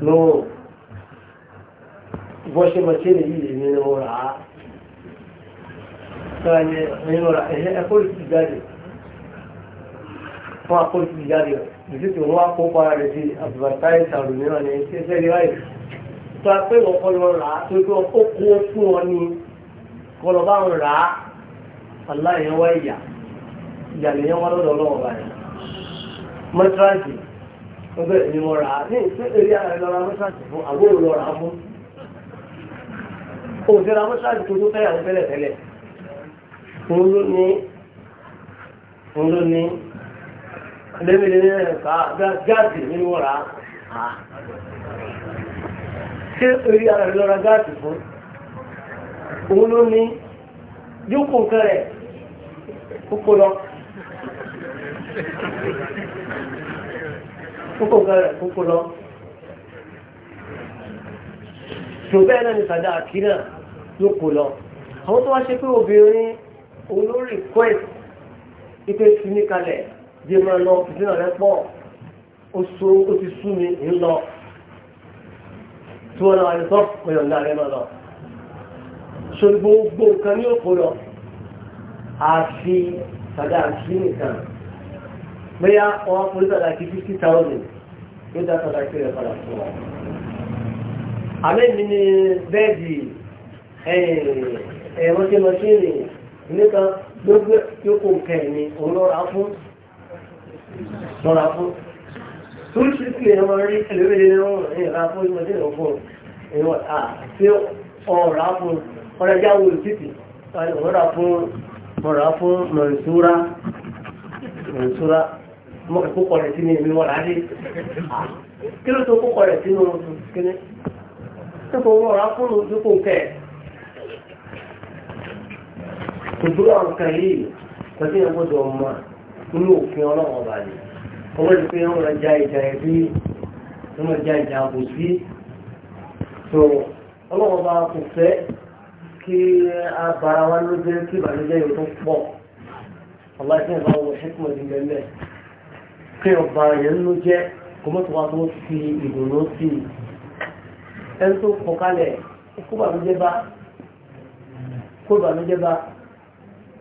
ní bọ́ ṣe mọ̀ tí èyí yìí nínú rà á sọ́ra nínú rà ẹ̀kọ́ ìsìn jáde fún akọ́sí jáde ìsìnkú wọn kó para rẹ̀ sí àbùbàtáìsì àrùmíràn ní ṣẹ́ṣẹ́ rí báyìí tó a pé ìwọ̀kọ́ lọ rà á tó kí ó kó fún ọ ní kọlọ bá ń rà á aláìyẹn wá ìyà ìyàlẹ̀ yẹn wá lọ́dọ̀ ọlọ́wọ́ báyìí mọ́tíráǹtì ó bẹ̀rẹ̀ mo rà á ní ìṣẹ́ eré ààrẹ lọ́ra òṣèrà mọ́ṣáàjì tó tó fẹ́yàwó tẹ́lẹ̀ tẹ́lẹ̀ òun ló ní òun ló ní lẹ́mìlẹ́ ní ẹ̀ka gáàsì nínú ọ̀rá ṣé orí ara rẹ̀ lọ́ra gáàsì fún òun ló ní yóò kó nǹkan rẹ̀ kókó lọ kókó náà ní sàdá àkínà yóò kó lọ àwọn tó wá ṣe pé obìnrin olórí quest ipe fi mí kalẹ̀ bí mo lọ ìdílé rẹ pọ̀ oṣù ó ti sú mi ń lọ tí wọ́n lọ àyè tó ọ̀yọ̀ ńlá rẹ lọ ṣe gbogbo nǹkan ní òkú lọ àfi sàdá àti nìkan bóyá wọn kò sàdá kí fifty thousand yóò dá sàdá kí rẹ padà fún wọn. àmì mi ni bẹ́ẹ̀dì ẹ̀wọ́n tí mo ṣe rè nípa gbogbo yòókù kẹ́ẹ̀ ni òun lọ́ra fún lọ́ra fún oríṣiríṣi èèyàn máa rí ẹlẹ́wẹ̀ẹ́ ní wọ́n ẹ̀yìn ra fún ìmọ̀ tí ìrọ̀ fún ìwọ̀n àti ọ̀rá fún ọ̀rẹ́ ẹja wo ìtìtì ọ̀rá fún mọ̀rá fún mọ̀nsúra mọ̀nsúra mọ̀kẹ́ kókọ̀ rẹ̀ sínú èmi wọ́n láti kí ló tó kókọ̀ rẹ̀ sínú kíní tó kọ̀ wọ́n ọ̀rá fún ojú kò kẹ́ẹ̀ tòtúrò àwọn kan yìí pẹ̀lú ìyẹn gbọ́dọ̀ ọmọ nínú òfin ọlọ́run ọba ni ọwọ́ ti pé wọ́n lọ ja ìjà ẹbí wọ́n lọ ja ìjà àbò sí tó ọlọ́run ọba kò fẹ́ kí a bara wa lójú kí ìbànújẹ́ yóò tó pọ̀ ọba tí wọ́n bá wọ ṣẹ́kùn ẹ̀dín lẹ́lẹ̀ kí ọba yẹn ló jẹ́ kò mọ́tò wa tó fi ìdùnnú sí i ẹni tó kọ kalẹ̀ kó bànújẹ́ bá kó bànújẹ́ bá.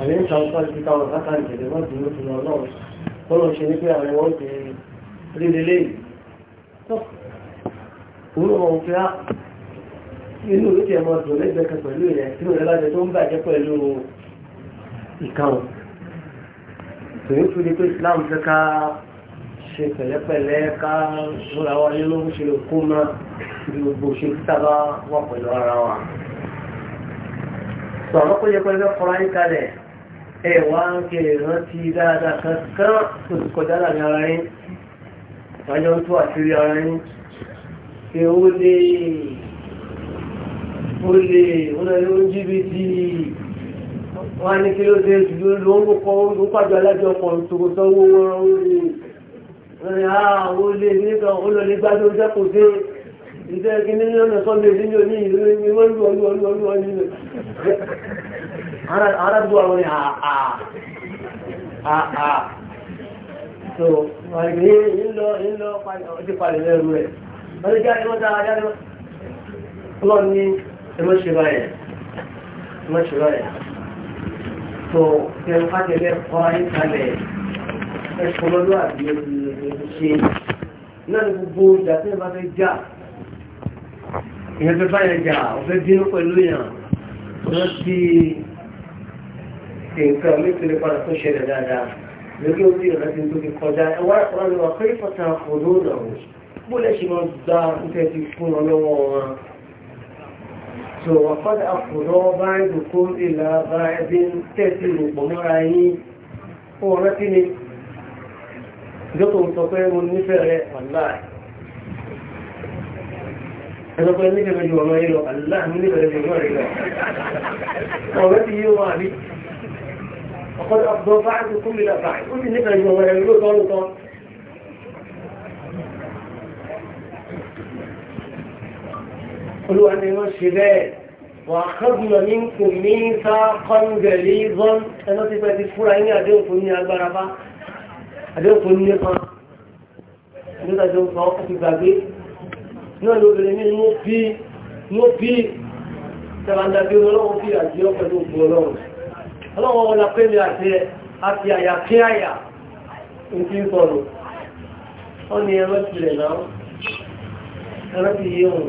àmì ń sàn fún àti káwọn látàrí tẹ̀lé wọ́n dùn ó dùn ọlọ́run bọ́lọ̀ ṣe ní pé àwọn wọ́n ti rí lélẹ́ yìí tó òun ọmọ òun fi á inú ló ti ẹ̀mọ dùn lẹ́gbẹ̀ẹ́ kan pẹ̀lú ìyẹn tí òun lájẹ tó ń bàjẹ́ pẹ̀lú ìkàwọn tòun fi di pé Islam fẹ́ ká ṣe pẹ̀lẹ́pẹ̀lẹ́ ká múra wa nínú ṣe lè kó mọ́ ibi gbogbo ṣe títà bá wà pẹ̀lú ara wa. sọ̀rọ̀ pé yẹ pẹ̀lú fẹ́ fọ́ra yín kalẹ̀ ẹ̀wà ń kèrè rántí dáadáa kankan tó ti kọjá láàrin ara yín ìwájọ́ ń tó àṣírí ara yín pé ó lè ó lè ó lọ ló ń jìbìtì wọ́n á ní kí ló dé ṣùgbọ́n ló ń kọ́ ó pàjọ alájọ pọ̀ tòkòtò owó wọn ó lè wọ́n ní àá ó lè nígbà ó lọ àádọ́gbò àwọn ni àà ah, ah, ah, so wọ́n rí nílọ nílọ ọdí palẹ̀ lẹ́rù rẹ̀ wọ́n rí jáde wọ́n dára jáde wọ́n ní ẹmọ́ṣẹ́lá ẹ̀ ẹmọ́ṣẹ́lá ẹ̀ so kẹrù fàtẹ̀lẹ̀ kọ́ ayé kalẹ̀ ẹ̀kọ́ lọ́dọ́ àbí ẹ̀ṣẹ́ náà ní gbogbo ìjà tí wọ́n bá fẹ́ jà ìyẹn fẹ́ báyẹn jà ọ̀fẹ́ bínú pẹ̀lú yàn lọ́sí ṣe nǹkan mi tó lè padà tó ṣẹlẹ̀ dáadáa lórí orí ìrántí tó fi kọjá ẹwà ẹ̀kọ́ ni wà pé ìfọ̀tà fòdó náà bó lè ṣe máa gba oúnjẹ ti fún ọ lọ́wọ́ wọn. tó wà padà fòdó báyìí dùkú ìlà báyìí tẹ̀sí ìrùpọ̀ mọ́ra yín ó rántí ni ìjọ ń sọ pé mo nífẹ̀ẹ́ rẹ̀ wàláì ẹ̀sọ́ pé nífẹ̀ẹ́ rẹ̀ ju ọmọ yìí lọ àlá nífẹ̀ẹ́ rẹ̀ ju ọmọ rẹ̀ lọ ọ̀rẹ́ ti yí wọn àbí ọ̀pọ̀lọpọ̀ ọ̀dọ́ báàgì fún mi lọ́pàá ó sì nípa ìgbọ̀wọ̀ ẹ̀rọ lóòótọ́ lóòótọ́ olúwa ni wọ́n ṣe bẹ́ẹ̀ wà kọ́gbùnà ní kò ní sá kọ́ngẹ̀lì bọ́n ẹ̀nà ti pẹ́ ti fúra ní àdéhùn fún ní agbára bá àdéhùn fún ní kan nígbà tó ń fa ọkọ̀ ti gbàgbé náà lóbìnrin ní mo bí mo bí tẹ̀wàndàbí ọlọ́run fi àjẹ́ ọ̀pẹ̀lú òkú ọlọ́run ọlọ́wọ́ wọn lápẹ́ mi àti ẹ̀ àti àyà kí àyà ń fi ń sọ̀rọ̀ wọ́n ní ẹ̀rọ tilẹ̀ náà ẹ̀rọ ti yé wọn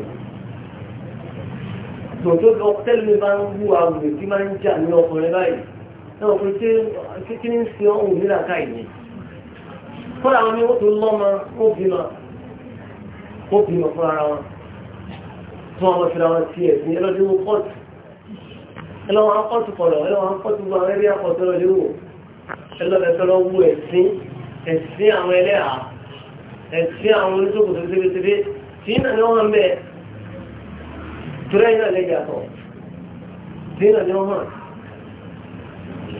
tòótó lọ tẹ́lẹ̀ máa ń wú àwọn èdè tí máa ń jà ní ọkùnrin báyìí náà pé ṣé kí ní ṣe ọ̀hún nílà káyìí fún àwọn ni ó tó lọ́mọ ó bímọ ó bímọ fún ara wọn tí wọ́n mọ̀ fi ra wọn sí ẹlọ́dún kọ́ọ̀tù ẹlọ́wọ́ akọ́tù kọlọ̀ ẹlọ́wọ́ akọ́tù gbọ́ àwọn ẹbí akọ́tù lọ léwò ẹlọ́fẹ́fẹ́lọ́ wú ẹ̀sìn ẹ̀sìn àwọn ẹlẹ́à ẹ̀sìn àwọn oníṣòkòtò tẹ́lẹ̀tẹ́lẹ̀ tí náà ni wọ́n bẹ̀ tẹ́lẹ̀ náà lè yàtọ̀ tí náà ni wọ́n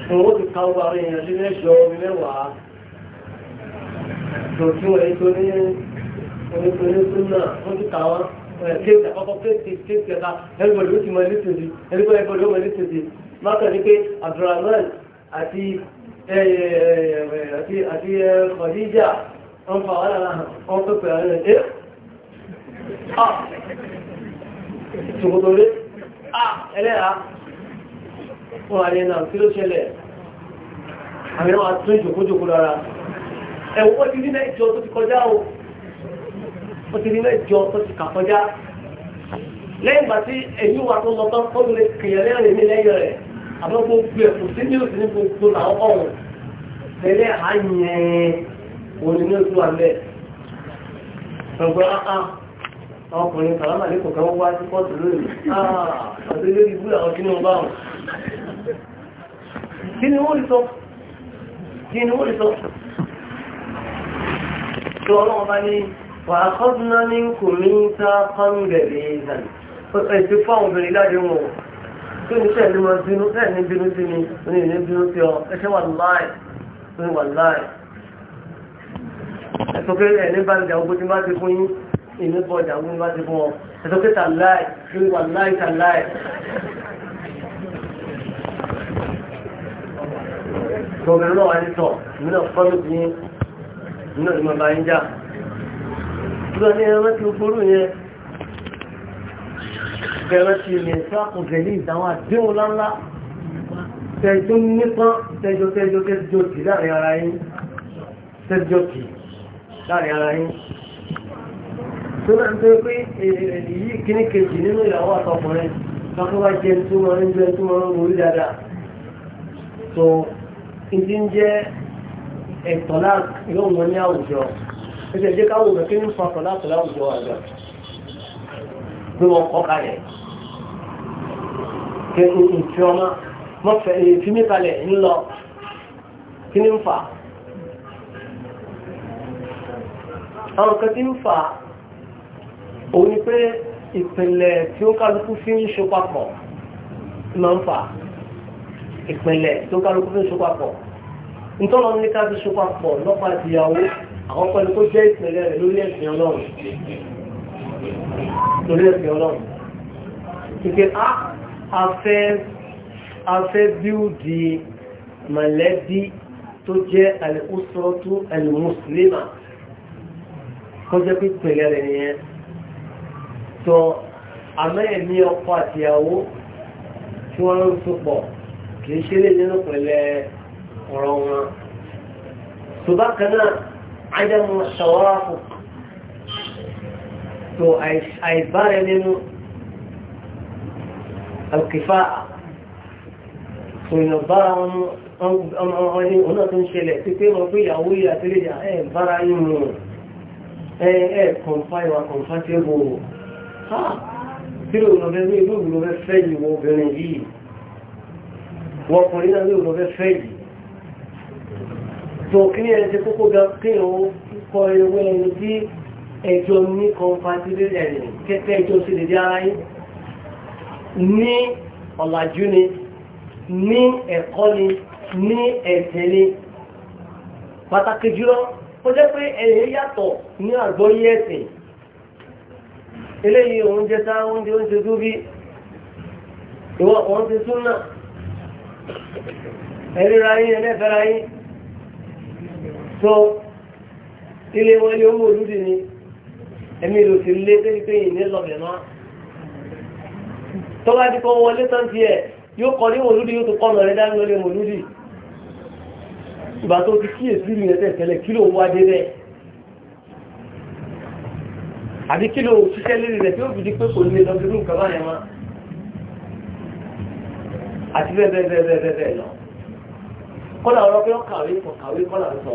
hàn òun ti ka ọgbà rẹ̀ yẹn sí mẹ́jọ omi mẹ́wàá tòtún ẹ̀ tó ní oníṣòkòtò náà wọ́n ti kà wọ́n. Eh, kéèkì àkọ́kọ́ kéèkì kéèkì ẹ̀ka everybody ó ti mọ lẹ́sìn sí everybody ó mọ lẹ́sìn sí mákàn ní pé Abdulrahman àti eh, eh, àti àti Khadija wọn fa wàhálà náà wọn pẹpẹ àwọn ẹ a ah! tòkòtòrè a ah! ẹlẹ́yà wọn àlẹ́ náà kí ló ṣẹlẹ̀ àmì náà wọn àtúnṣe jòkójòkó lára ẹ̀wọ́n ti ní náà ìjọ tó ti kọjá o ó ti ní mẹ́jọ tó ti kà kọjá lẹ́yìn ìgbà tí ẹ̀yìn wà tó lọ tán ó lè kèèyàn lẹ́rìn ní lẹ́yìn rẹ̀ àmọ́ gbogbo ẹ̀kú sí ní òsì ní gbogbo làwọn ọ̀rùn tẹ́lẹ̀ àyẹn òní ní oṣù àlẹ́ ọgbọ́n áá ọkùnrin sàlámà ní kò kán wá sí pọ́ọ̀tù lónìí áá ọ̀sẹ̀ lórí ibú àwọn kí ni wọ́n bá wọn. kí ni wọ́n lè sọ kí ni wọ́n lè sọ. tí ọlọ́wọ́n bá ní وأخذنا منكم ميثاقا غليظا ẹ̀sìn fún àwọn obìnrin láti wọn tí ní sẹ́ẹ̀ ní ma bínú sẹ́ẹ̀ ní bínú sí mi ní ní bínú sí ọ ẹ̀ṣẹ́ wà láì ní wà láì ẹ̀sọ́ pé ẹ̀ ní bá ń jàun bó ti má ti fún yín ìní bọ̀ jàun bó ti má ti fún ọ ẹ̀sọ́ pé tà láì ní wà láì tà láì obìnrin náà wà ní sọ mí náà fọ́nù bí mí náà ní ma bá ń jà Ìgbà ni ẹran ti gbóró yẹn. Bẹ̀rẹ̀ ti lè sáàkùn gẹ̀lì ìdáwọn àdéhùn láńlá. Tẹ̀jọ́ nípọn, tẹ̀jọ́ tẹ̀jọ́ tẹ̀jọ́ kì láàrin ara yín. Tẹ̀jọ́ kì láàrin ara yín. Tó náà ń pé èyí kíní kejì nínú ìyàwó àtọkùnrin. Káfíwá jẹ́ tó máa ń jẹ́ tó máa ń ìdí ń jẹ́ ẹ̀tọ́lá yóò mọ ní àwùjọ ẹ̀sẹ̀ káwọn òbẹ̀ kí ní fa ọ̀tọ̀ láti láwùjọ àgbà pé wọ́n kọ́ kalẹ̀ kí nfi ọmọ mọ́fẹ́ fi mí kalẹ̀ ńlọ kí ní fa àwọn kan tí ń fa òun ni pé ìpìlẹ̀ tí ó kálukú fi ń ṣe papọ̀ máa ń fa ìpìlẹ̀ tí ó kálukú fi ń ṣe papọ̀ nítorí wọn ní ká fi ṣe papọ̀ lọ́pàá ìyàwó àwọn pẹ̀lú kó jẹ́ ìpínlẹ̀ rẹ̀ lórí ẹ̀sìn ọlọ́run lórí ẹ̀sìn ọlọ́run kíkẹ́ afẹ́ afẹ́ bíúdi mọ̀lẹ́bí tó jẹ́ alẹ́kùsọ́tún alẹ́mùsùlẹ́mà kó jẹ́ pé ìpínlẹ̀ rẹ̀ nìyẹn tó àmẹ́yẹ̀ ní ọkọ àtìyàwó tí wọ́n ń sopọ̀ kì í ṣe lè nínú pẹ̀lẹ́ ọ̀rọ̀ wọn tó bákan náà عدم التوافق تو عبارة منه الكفاءة وينظرهم ọ̀nà tó ń ṣẹlẹ̀ tí pé wọ́n pé ìyàwó ìyà tí lè jà ẹ̀ bára inú ẹ̀ kọ̀nfà ìwà kọ̀nfà tí ó bòrò tí ló lọ fẹ́ ní ìlú ìlú fẹ́ fẹ́ yìí wọ́n obìnrin yìí wọ́n kùnrin náà ní ìlú fẹ́ fẹ́ yìí tó kí ní ẹ̀ṣẹ́ kókó gan kí o kọ ewé ẹni tí ẹjọ́ ní kọmpatibí ẹ̀rìn kẹ́kẹ́ ẹjọ́ sí lè dé ara yín ní ọ̀làjú ni ní ẹ̀kọ́ ni ní ẹ̀sẹ̀ ni pàtàkì jùlọ ó jẹ́ pé ẹ̀yẹ yàtọ̀ ní àgbọ́yé ẹ̀sìn eléyìí oúnjẹ sáà oúnjẹ oúnjẹ tó bí ìwọ̀n oúnjẹ súnà ẹ̀ríra tó ilé wọn ni owó olúdi ni ẹ̀mí ìlú ti lé pẹ́ẹ́pẹ́yìn ní lọ́bẹ̀ náà tọ́lá ti kọ́ wọlé tán tiẹ̀ yóò kọ́ ní mòlúdi yóò tó kọ́ ọ̀nà rẹ̀ dání lórí mòlúdi ìgbà tó ti kíyèsí mi lẹ́tẹ̀ tẹ́lẹ̀ kí ló wá dé bẹ́ẹ̀ àbí kí ló ṣiṣẹ́ lérí rẹ̀ tí ó fi di pé kò lè lọ́dún nǹkan báyẹn wá àti bẹ́ẹ̀ bẹ́ẹ̀ bẹ́ẹ̀ bẹ́ẹ̀ lọ kọ́lá ọ̀rọ̀ pé ó kàwé kọ̀ kàwé kọ́lá sọ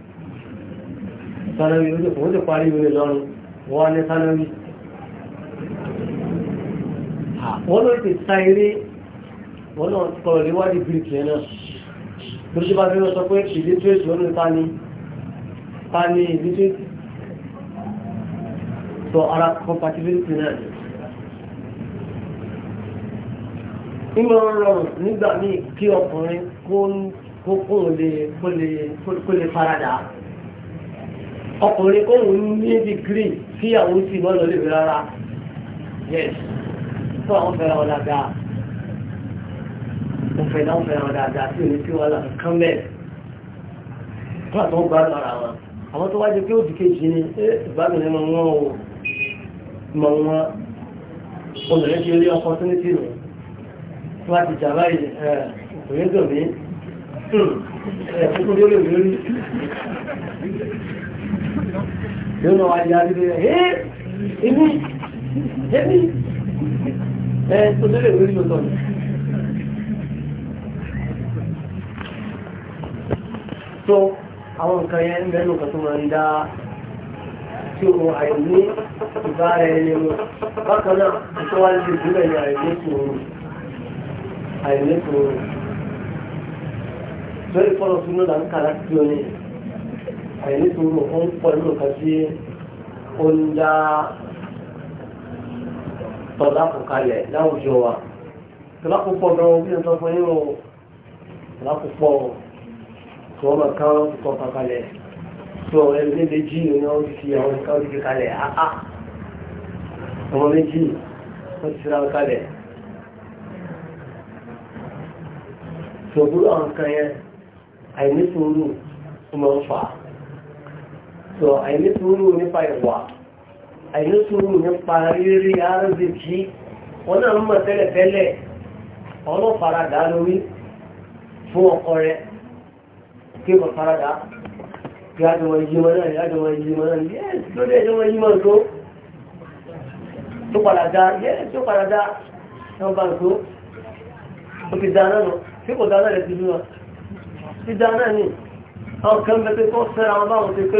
sanawi ó sì parí ìwé lọ́rùn wọ́n ní sanawi wọ́n ló ti sa eré wọ́n náà kọ̀rọ̀ níwádìí bíríkì ẹ̀ náà ló ṣe bá fẹ́ sọ pé ìlítírèsì ó ní tani tani ìlítírèsì sọ ara compatibility náà ni ìmọ̀ rọrùn nígbà míì kí ọkùnrin kó lè faradà ọkùnrin kóhùn ní dìgírì kí àwọn sì mọ́ lọ lébi rárá yes tó àwọn fẹ́ra wọn dáadáa wọ́n fẹ́ náà fẹ́ra wọn dáadáa sí òní tí wọ́n là kán mẹ́ tó àtọ́ gbá lára wọn àwọn tó wájú pé ó di kejì ni ìbámilẹ̀ mọ wọn o mọ wọn obìnrin ti rí ọkọ tó ní tìrù tó ẹ̀ òní dùn mí hmm. ẹ̀ fúnkúndé yóò lọ wáyé àdúgbò rẹ̀ ẹ́ èmi èmi ẹ tó lélẹ̀ lórí lọ́tọ̀ ni. tó àwọn nǹkan yẹn ń bẹ́ẹ̀ lóka tó máa ń dá tí o àìní ìbára ẹni mu bákan náà ìtọ́ wá lè dúró ní àìní tòun àìní tòun lórí fọlọ́sùn náà là ń kà láti dúró ní àìní sùúrù ó ń pọ̀ nínú nǹkan tí ó ń dá tọ́lá kò kalẹ̀ láwùjọ wa tọ́lá kò pọ̀ gan-an bí wọ́n sọ fún yín o tọ́lá kò pọ̀ o tí wọ́n máa kán kọ́ kankalẹ̀ tí wọ́n ẹni níbi jí ni wọ́n fi àwọn nǹkan orí kalẹ̀ áá ah, àwọn ah. méjì wọ́n ti fira kalẹ̀ ṣògbúrú àwọn kan yẹn àìní sùúrù ó So, àìní sùúrù nípa ìwà àìní sùúrù nípa rírí arzikí wọn náà mọ̀ tẹ́lẹ̀tẹ́lẹ̀ ọlọ́faradà lórí fún ọkọ rẹ̀ kí wọ́n faradà kí á jọ wọn yí wọn náà yá jọ wọn yí wọn náà yẹ́ lórí ẹjọ́ wọn yí wọn tó tó padà dá yẹ́ tó padà dá ẹwọ́n bá ń tó ó ti dá nù tí kò dá rẹ̀ ti dúró ti dá nì àwọn kan bẹ́ẹ̀ tó sẹ́ra wọn báwọn ti pé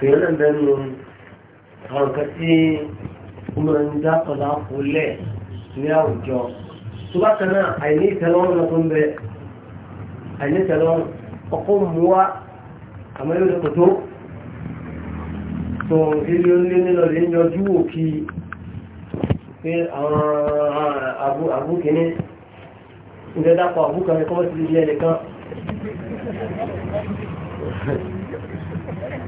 fèèyàn náà àwọn nǹkan tí ó máa ń ní àwùjọ tó bá kan àìní ìtẹ́lọ́rùn náà ń bẹ àìní ìtẹ́lọ́rùn ọkọ̀ mú àmọ́ yóò lè tó tó ilé onílé nílọ lè ń yọjú òkì pé àwọn àbúkìní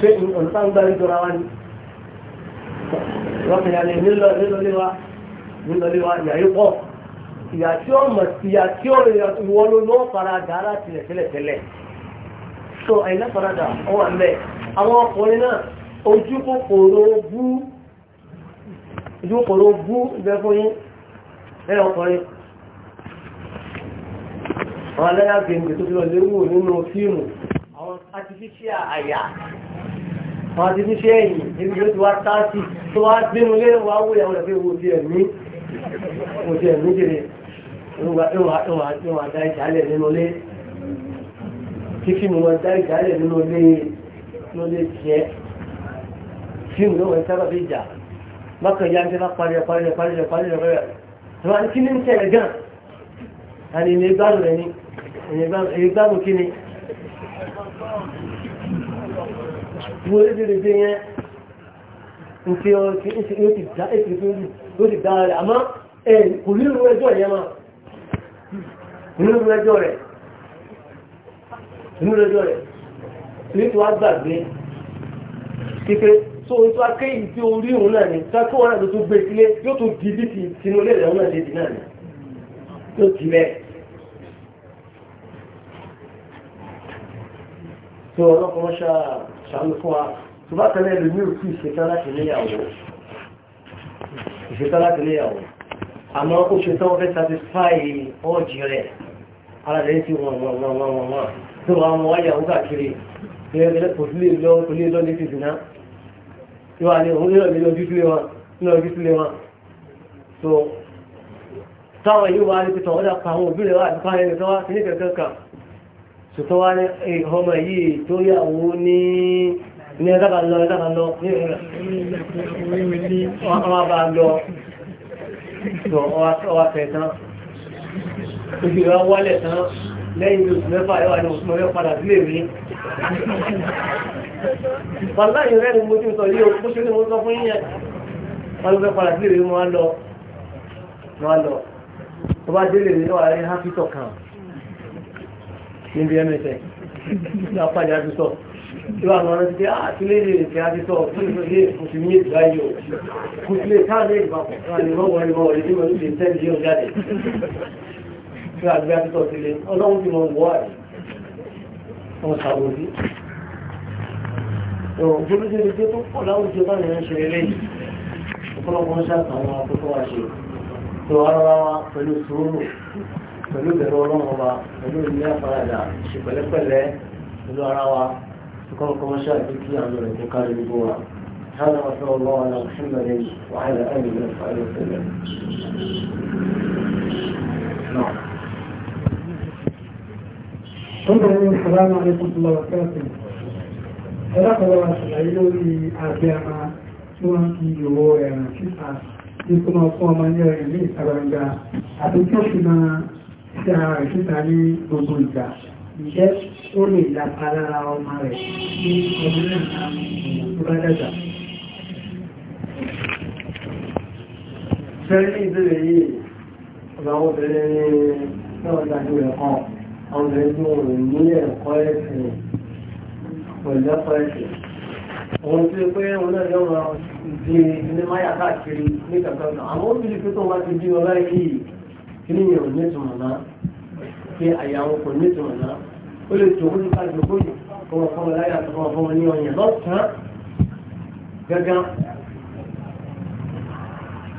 ṣé ọ̀nà táwọn gbá níjọra wá ni wọ́n kìí nílọ nílọléwá nílọléwá ìyá yìí ya ìyá tí ó mọ̀ ìyá tí ó wọ́n ló lọ́ọ́ fara dà á láti rẹ̀ tẹ́lẹ̀tẹ́lẹ̀ so àyìnlá fara dà ọwọ́ àmẹ́ àwọn ọkùnrin náà ojú kòkòrò bú ojú kòkòrò bú ibẹ̀ fún yín ẹ̀rọ ọkùnrin àwọn aláyàgbé ń gbé tó fi lọ léwò nínú fíìmù àwọn artificial àyà àwọn ni níṣẹ́ ẹ̀yìn ibi tó ti wá táàtì tó wá gbénu lé wà wó ìyàwó rẹ̀ pé wo ti ẹ̀mí wo ti ẹ̀mí jèrè ìwà dá ìjálẹ̀ nínú lé kíkí ni wọ́n dá ìjálẹ̀ nínú lé nínú lé tiẹ̀ fíìmù ló wọ́n sábà fi jà bákan yá ń tẹ́lá parí rẹ̀ parí rẹ̀ parí rẹ̀ parí rẹ̀ parí rẹ̀ tó wá ní kí ní ń tẹ̀lé gan-an àní ìlẹ̀ gbárù rẹ̀ ni ni. gbogbo lédèrèdè yẹn ń fi ọ ti ń fi ó ti dá ètò ìfẹ́ olù ó ti dá rẹ̀ àmọ́ ẹ kò ní irú ẹjọ́ yẹn mà ní irú ẹjọ́ rẹ̀ ní irú ẹjọ́ rẹ̀ ní tí wàá gbàgbé kíkẹ́ tó ń tó akéyìí tí orí òun náà ni ká tó wọn náà tó tó gbé sílé yóò tó di bí ti tinú lé rẹ̀ òun náà lè dì náà ni yóò di mẹ́ẹ̀. tó ọlọ́kùnrin ṣáà ṣàánú fún wa tó bá tẹ́lẹ̀ ìlú mi ò tí ìṣetán láti léyàwó ìṣetán láti léyàwó àmọ́ ó ṣetán fẹ́ satisfy ọ́ọ̀jì rẹ̀ ara rẹ̀ ti wọ̀n wọ̀n wọ̀n wọ̀n wọ̀n wọ̀n tó wà mọ̀ wáyàwó káàkiri ìrẹ́gbẹ̀lẹ́ kò sílé lọ kò ní lọ ní ti dìná tí wà ní òun nílò lójú sílé tu vas aller sílé wọn so táwọn yìí wà ní pẹ̀tọ̀ ọ̀dà tu vas aller rẹ̀ wà àti pa ẹni tó wá sí ní kẹ̀kẹ́ kan tòtọ́ wá ní ọmọ yìí tó yàwó ní ní ẹ̀dàbà lọ ẹ̀dàbà lọ ní ọmọ bá lọ tó ọwá fẹ̀ tán ojú ìwá wálẹ̀ tán lẹ́yìn oṣù mẹ́fà ẹwà ní oṣù mẹ́fà padà sílé mi pàtàkì yìí rẹ̀ ni mo ti sọ yìí o mo ṣe ní mo sọ fún yíyẹn wọn ló fẹ́ padà sílé mi wọn lọ wọn lọ tó bá délé mi lọ́wọ́ àárín hápítọ̀ kan níbi ẹ̀mẹ́sẹ̀ ní apájà ti sọ tí ah, wọ́n àwọn ọ̀rẹ́sì pé àtìlẹ́ ilé ìfẹ́ àti sọ fún ìfẹ́ oṣù ní ìgbà yìí o kò sí lè káàdé ìgbàpọ̀ láti mọ́ wọlé mọ́ wọlé tí mo lè tẹ́ ìdí ọjà dé tí wọ́n àgbẹ̀ àti sọ sílé ọlọ́run ti mọ wọ́ àrí wọn ṣàwòrí òjòlú ti lè dé pẹ̀lú ìbẹ̀rù ọlọ́run ọba pẹ̀lú ìní àfaradà ṣe pẹ̀lẹ́pẹ̀lẹ́ pẹ̀lú ara wa ṣùgbọ́n kọ́mọ́ṣẹ́ àti kí àwọn rẹ̀ tó kárí gbogbo wa. هذا وصلى الله على محمد وعلى اله وصحبه وسلم. السلام عليكم ورحمة الله tí wọ́n fi ìwò ẹ̀rùn títà ní kó máa fún ọmọ ní ẹ̀rìn ní ìta àti kí ó fi máa sí ara rẹ̀ síta ní gbogbo ìgbà ìṣẹ́ ó lè lápá lára ọmọ rẹ̀ ní ọdún náà tó bá dàgbà. Fẹ́rí ìbéèrè yìí, ọ̀gá obìnrin ní náà dájú ẹ̀kọ́, àwọn obìnrin tí wọ́n ní ẹ̀kọ́ ẹ̀sìn pẹ̀lú ẹ̀kọ́ ẹ̀sìn. Àwọn tí ó pé wọn náà yọ̀ wọn di ilé máyà káàkiri ní kàkàkà. Àwọn obìnrin tó wá ti bí ọlá yìí kíní ní ìtumọ̀ náà kí àyà kò ní ìtumọ̀ náà ó lè tó kó nípa ìdókò yìí kó wọn fọmọ láyà tó wọn fọmọ ní ọyàn lọ́sàn gángan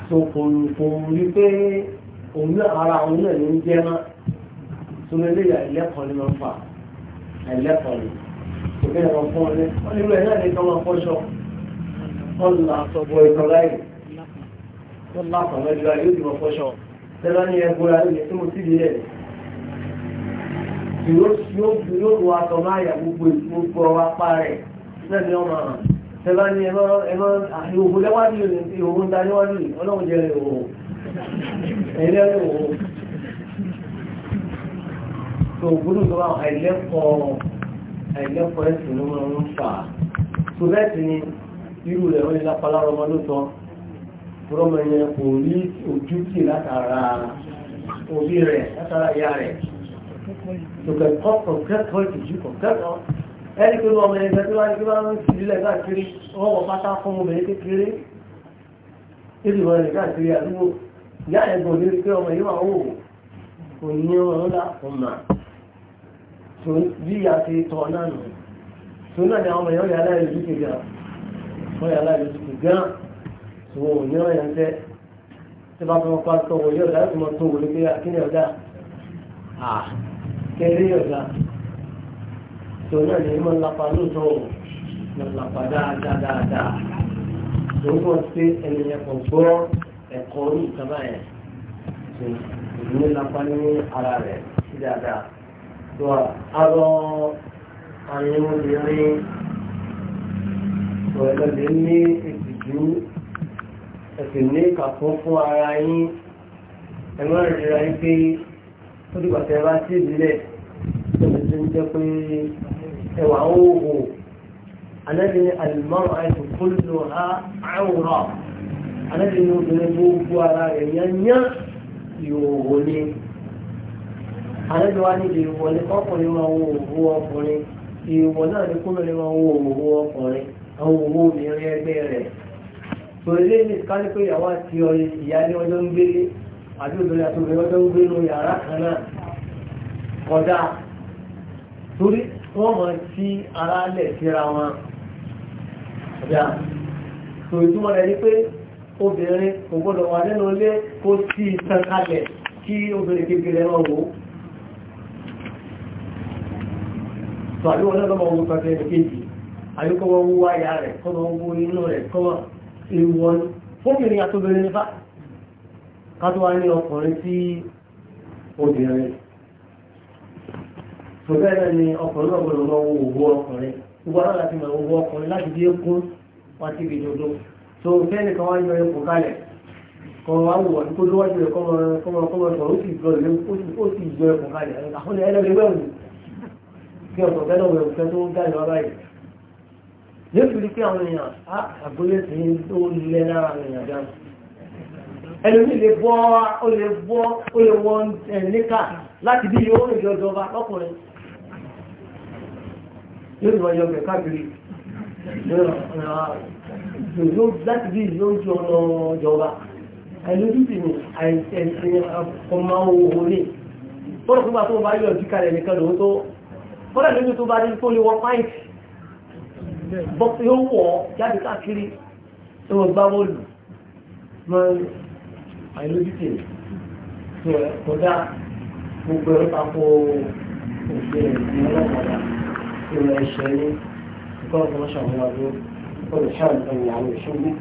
tó kò pé òun náà ara òun náà ní jẹ́ náà tó lè ẹlẹ́kọ̀ọ́ ni wọ́n fà ẹlẹ́kọ̀ọ́ ni òkè wọn fún ọ ní wọn ẹ̀ náà ní kí wọn fọṣọ wọn là sọ bọ ìtọ́ láyè wọn là sọ dì wọn fọṣọ tẹ́lá ní ẹgbọ́ra ilẹ̀ tí mo sì rí rẹ̀ yóò wọ aṣọ máa yà gbogbo gbogbo ọwọ́ apá rẹ̀ náà ni ọmọ hàn tẹ́lá ní ẹmọ ẹmọ ìhòhò lẹ́wájú ìhòhò ń da níwájú ọlọ́run jẹ́ ìhòhò ẹ̀yìn lẹ́rìn ìhòhò tó gbúdù tó bá àìlẹ́kọ̀ọ́ àìlẹ́kọ̀ọ́ ẹ̀sìn ló máa ń fà á tó bẹ́ẹ̀ sì ni irú rẹ̀ wọ́n tọ́mọ yẹn kò rí ojútì látara òbí rẹ̀ látara ìyá rẹ̀ tòkẹ́ kọ́kọ́ kẹ́kọ̀ọ́ ìtìjú kọ̀ kẹ́kọ̀ọ́ ẹni pé ọmọ yẹn tẹ́tí wáyé kí wọ́n ti sílẹ̀ káàkiri wọ́n wọ pátá fún ọmọ yẹn kékeré ìdí wọn ní káàkiri àdúgbò ìyá yẹn gbọ́n lórí pé ọmọ yìí wà wò kò ní ọmọ ńlá ọmọ tó bí ìyá ti tọ́ náà nù tó náà ni àwọn ọmọ yẹn wọ́n yà láì wọn ò ní ọ̀yà ń tẹ́ tí bá fẹ́ pa tọ́ wọlé ọ̀dà láti máa tó wọlé pé ah, kí ni ọ̀dà ah, kẹrí ọ̀dà tó náà ní mọ̀ lápá lóòótọ́ ò mọ̀ lápá dáadáa dáadáa tó ń bọ̀ sí ẹni ẹ̀kọ́ gbọ́ ẹ̀kọ́ ní ìjọba yẹn tó ní lápá ní ara rẹ̀ sí dáadáa tó a lọ àwọn obìnrin tó ẹlẹ́dẹ̀ẹ́ ní ètùtù ẹ̀sìn ní ìkàkún fún ara yín ẹ̀wọ́n ìrora yín pé ó dìgbà tẹ́ bá sí ìbílẹ̀ tó ti ti ń jẹ́ pé ẹwà ń wò anábì ní alimọ́rùn àìsàn kúlù ha àwòrán anábì ní obìnrin gbogbo ara rẹ̀ yányá ìhòòhò ni anábì wá ní ìhòòhò ọkùnrin máa wo òhò ọkùnrin ìhòòhò náà ní kúlù ni máa wo òhò ọkùnrin àwọn òhò obìnrin ẹgbẹ́ rẹ̀ tó ilé ní ìkáni pé ìyàwó àti ọ̀rẹ́ ìyá ní ọjọ́ ń gbé àbí obìnrin àti obìnrin ọjọ́ ń gbé ní yàrá kan náà kọjá torí wọ́n mọ̀ sí ara lẹ̀ síra wọn ọjà tó ìtumọ̀ rẹ̀ ni pé obìnrin kò gbọ́dọ̀ wà nínú ilé kó sí ìtàn kalẹ̀ kí obìnrin kékeré wọn wò ó tọ́ àbí wọn náà lọ́mọ wọn kọjá ẹnì kejì àbí wọn wú wáyà rẹ̀ kọ́ èèwọ̀ ni fóbìnrin àtòbìnrin nípa kátó wá ní ọkùnrin sí obìnrin tòbẹ́ náà ni ọkùnrin náà gbọdọ̀ máa wo òwò ọkùnrin gbogbo aláàlá ti máa wo ọkùnrin láti bí ekún wá sí ibi ìdodo tó fẹ́ẹ̀nì kan wá yọ epo kalẹ̀ kọ́ wá wò wọ́n tó lọ́wọ́ ju ẹ̀kọ́ ọmọ ọ̀sán ó sì gbọ́ ilé ó sì yọ epo kalẹ̀ àwọn ẹlẹ́gbẹ̀ẹ́ wò kí ọ̀sán fẹ́ẹ́ náà wẹ̀ òfin tó dá ìlú yóò fi rí pé àwọn èèyàn ah, àgbóyè tí ó lẹ́ lára èèyàn dáa ẹlòmí lè bọ́ ó lè bọ́ ó lè wọ níkà láti bí yóò rìn yọ jọba lọ́kùnrin yóò ti wọ́n yọ bẹ̀ káàkiri ah, láti bí yóò jọ lọ jọba ẹlòmí sì ni àìsẹ̀sẹ̀ ọmọ òwò ní fọ́nà tó bá tó bá yọ̀ jíkalẹ̀ nìkan lòótọ́ fọ́nà lójú tó bá dé kó lè wọ páìpì bọ́pẹ́ ó wọ̀ jáde káàkiri tó wọ́n gbá bọ́ọ̀lù máa ń àìlójútì tó ẹ̀ kọjá gbogbo ẹ̀rọ tako òfin ìlú ọlọ́kọ̀ọ́dà tó ẹ̀ ṣẹ́ ní ìkọ́ ọ̀sán ṣàwọn ọdún كل حال أن عن الشمس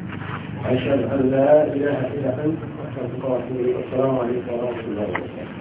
أشهد أن لا إله إلا أنت أستغفرك السلام عليكم ورحمة الله وبركاته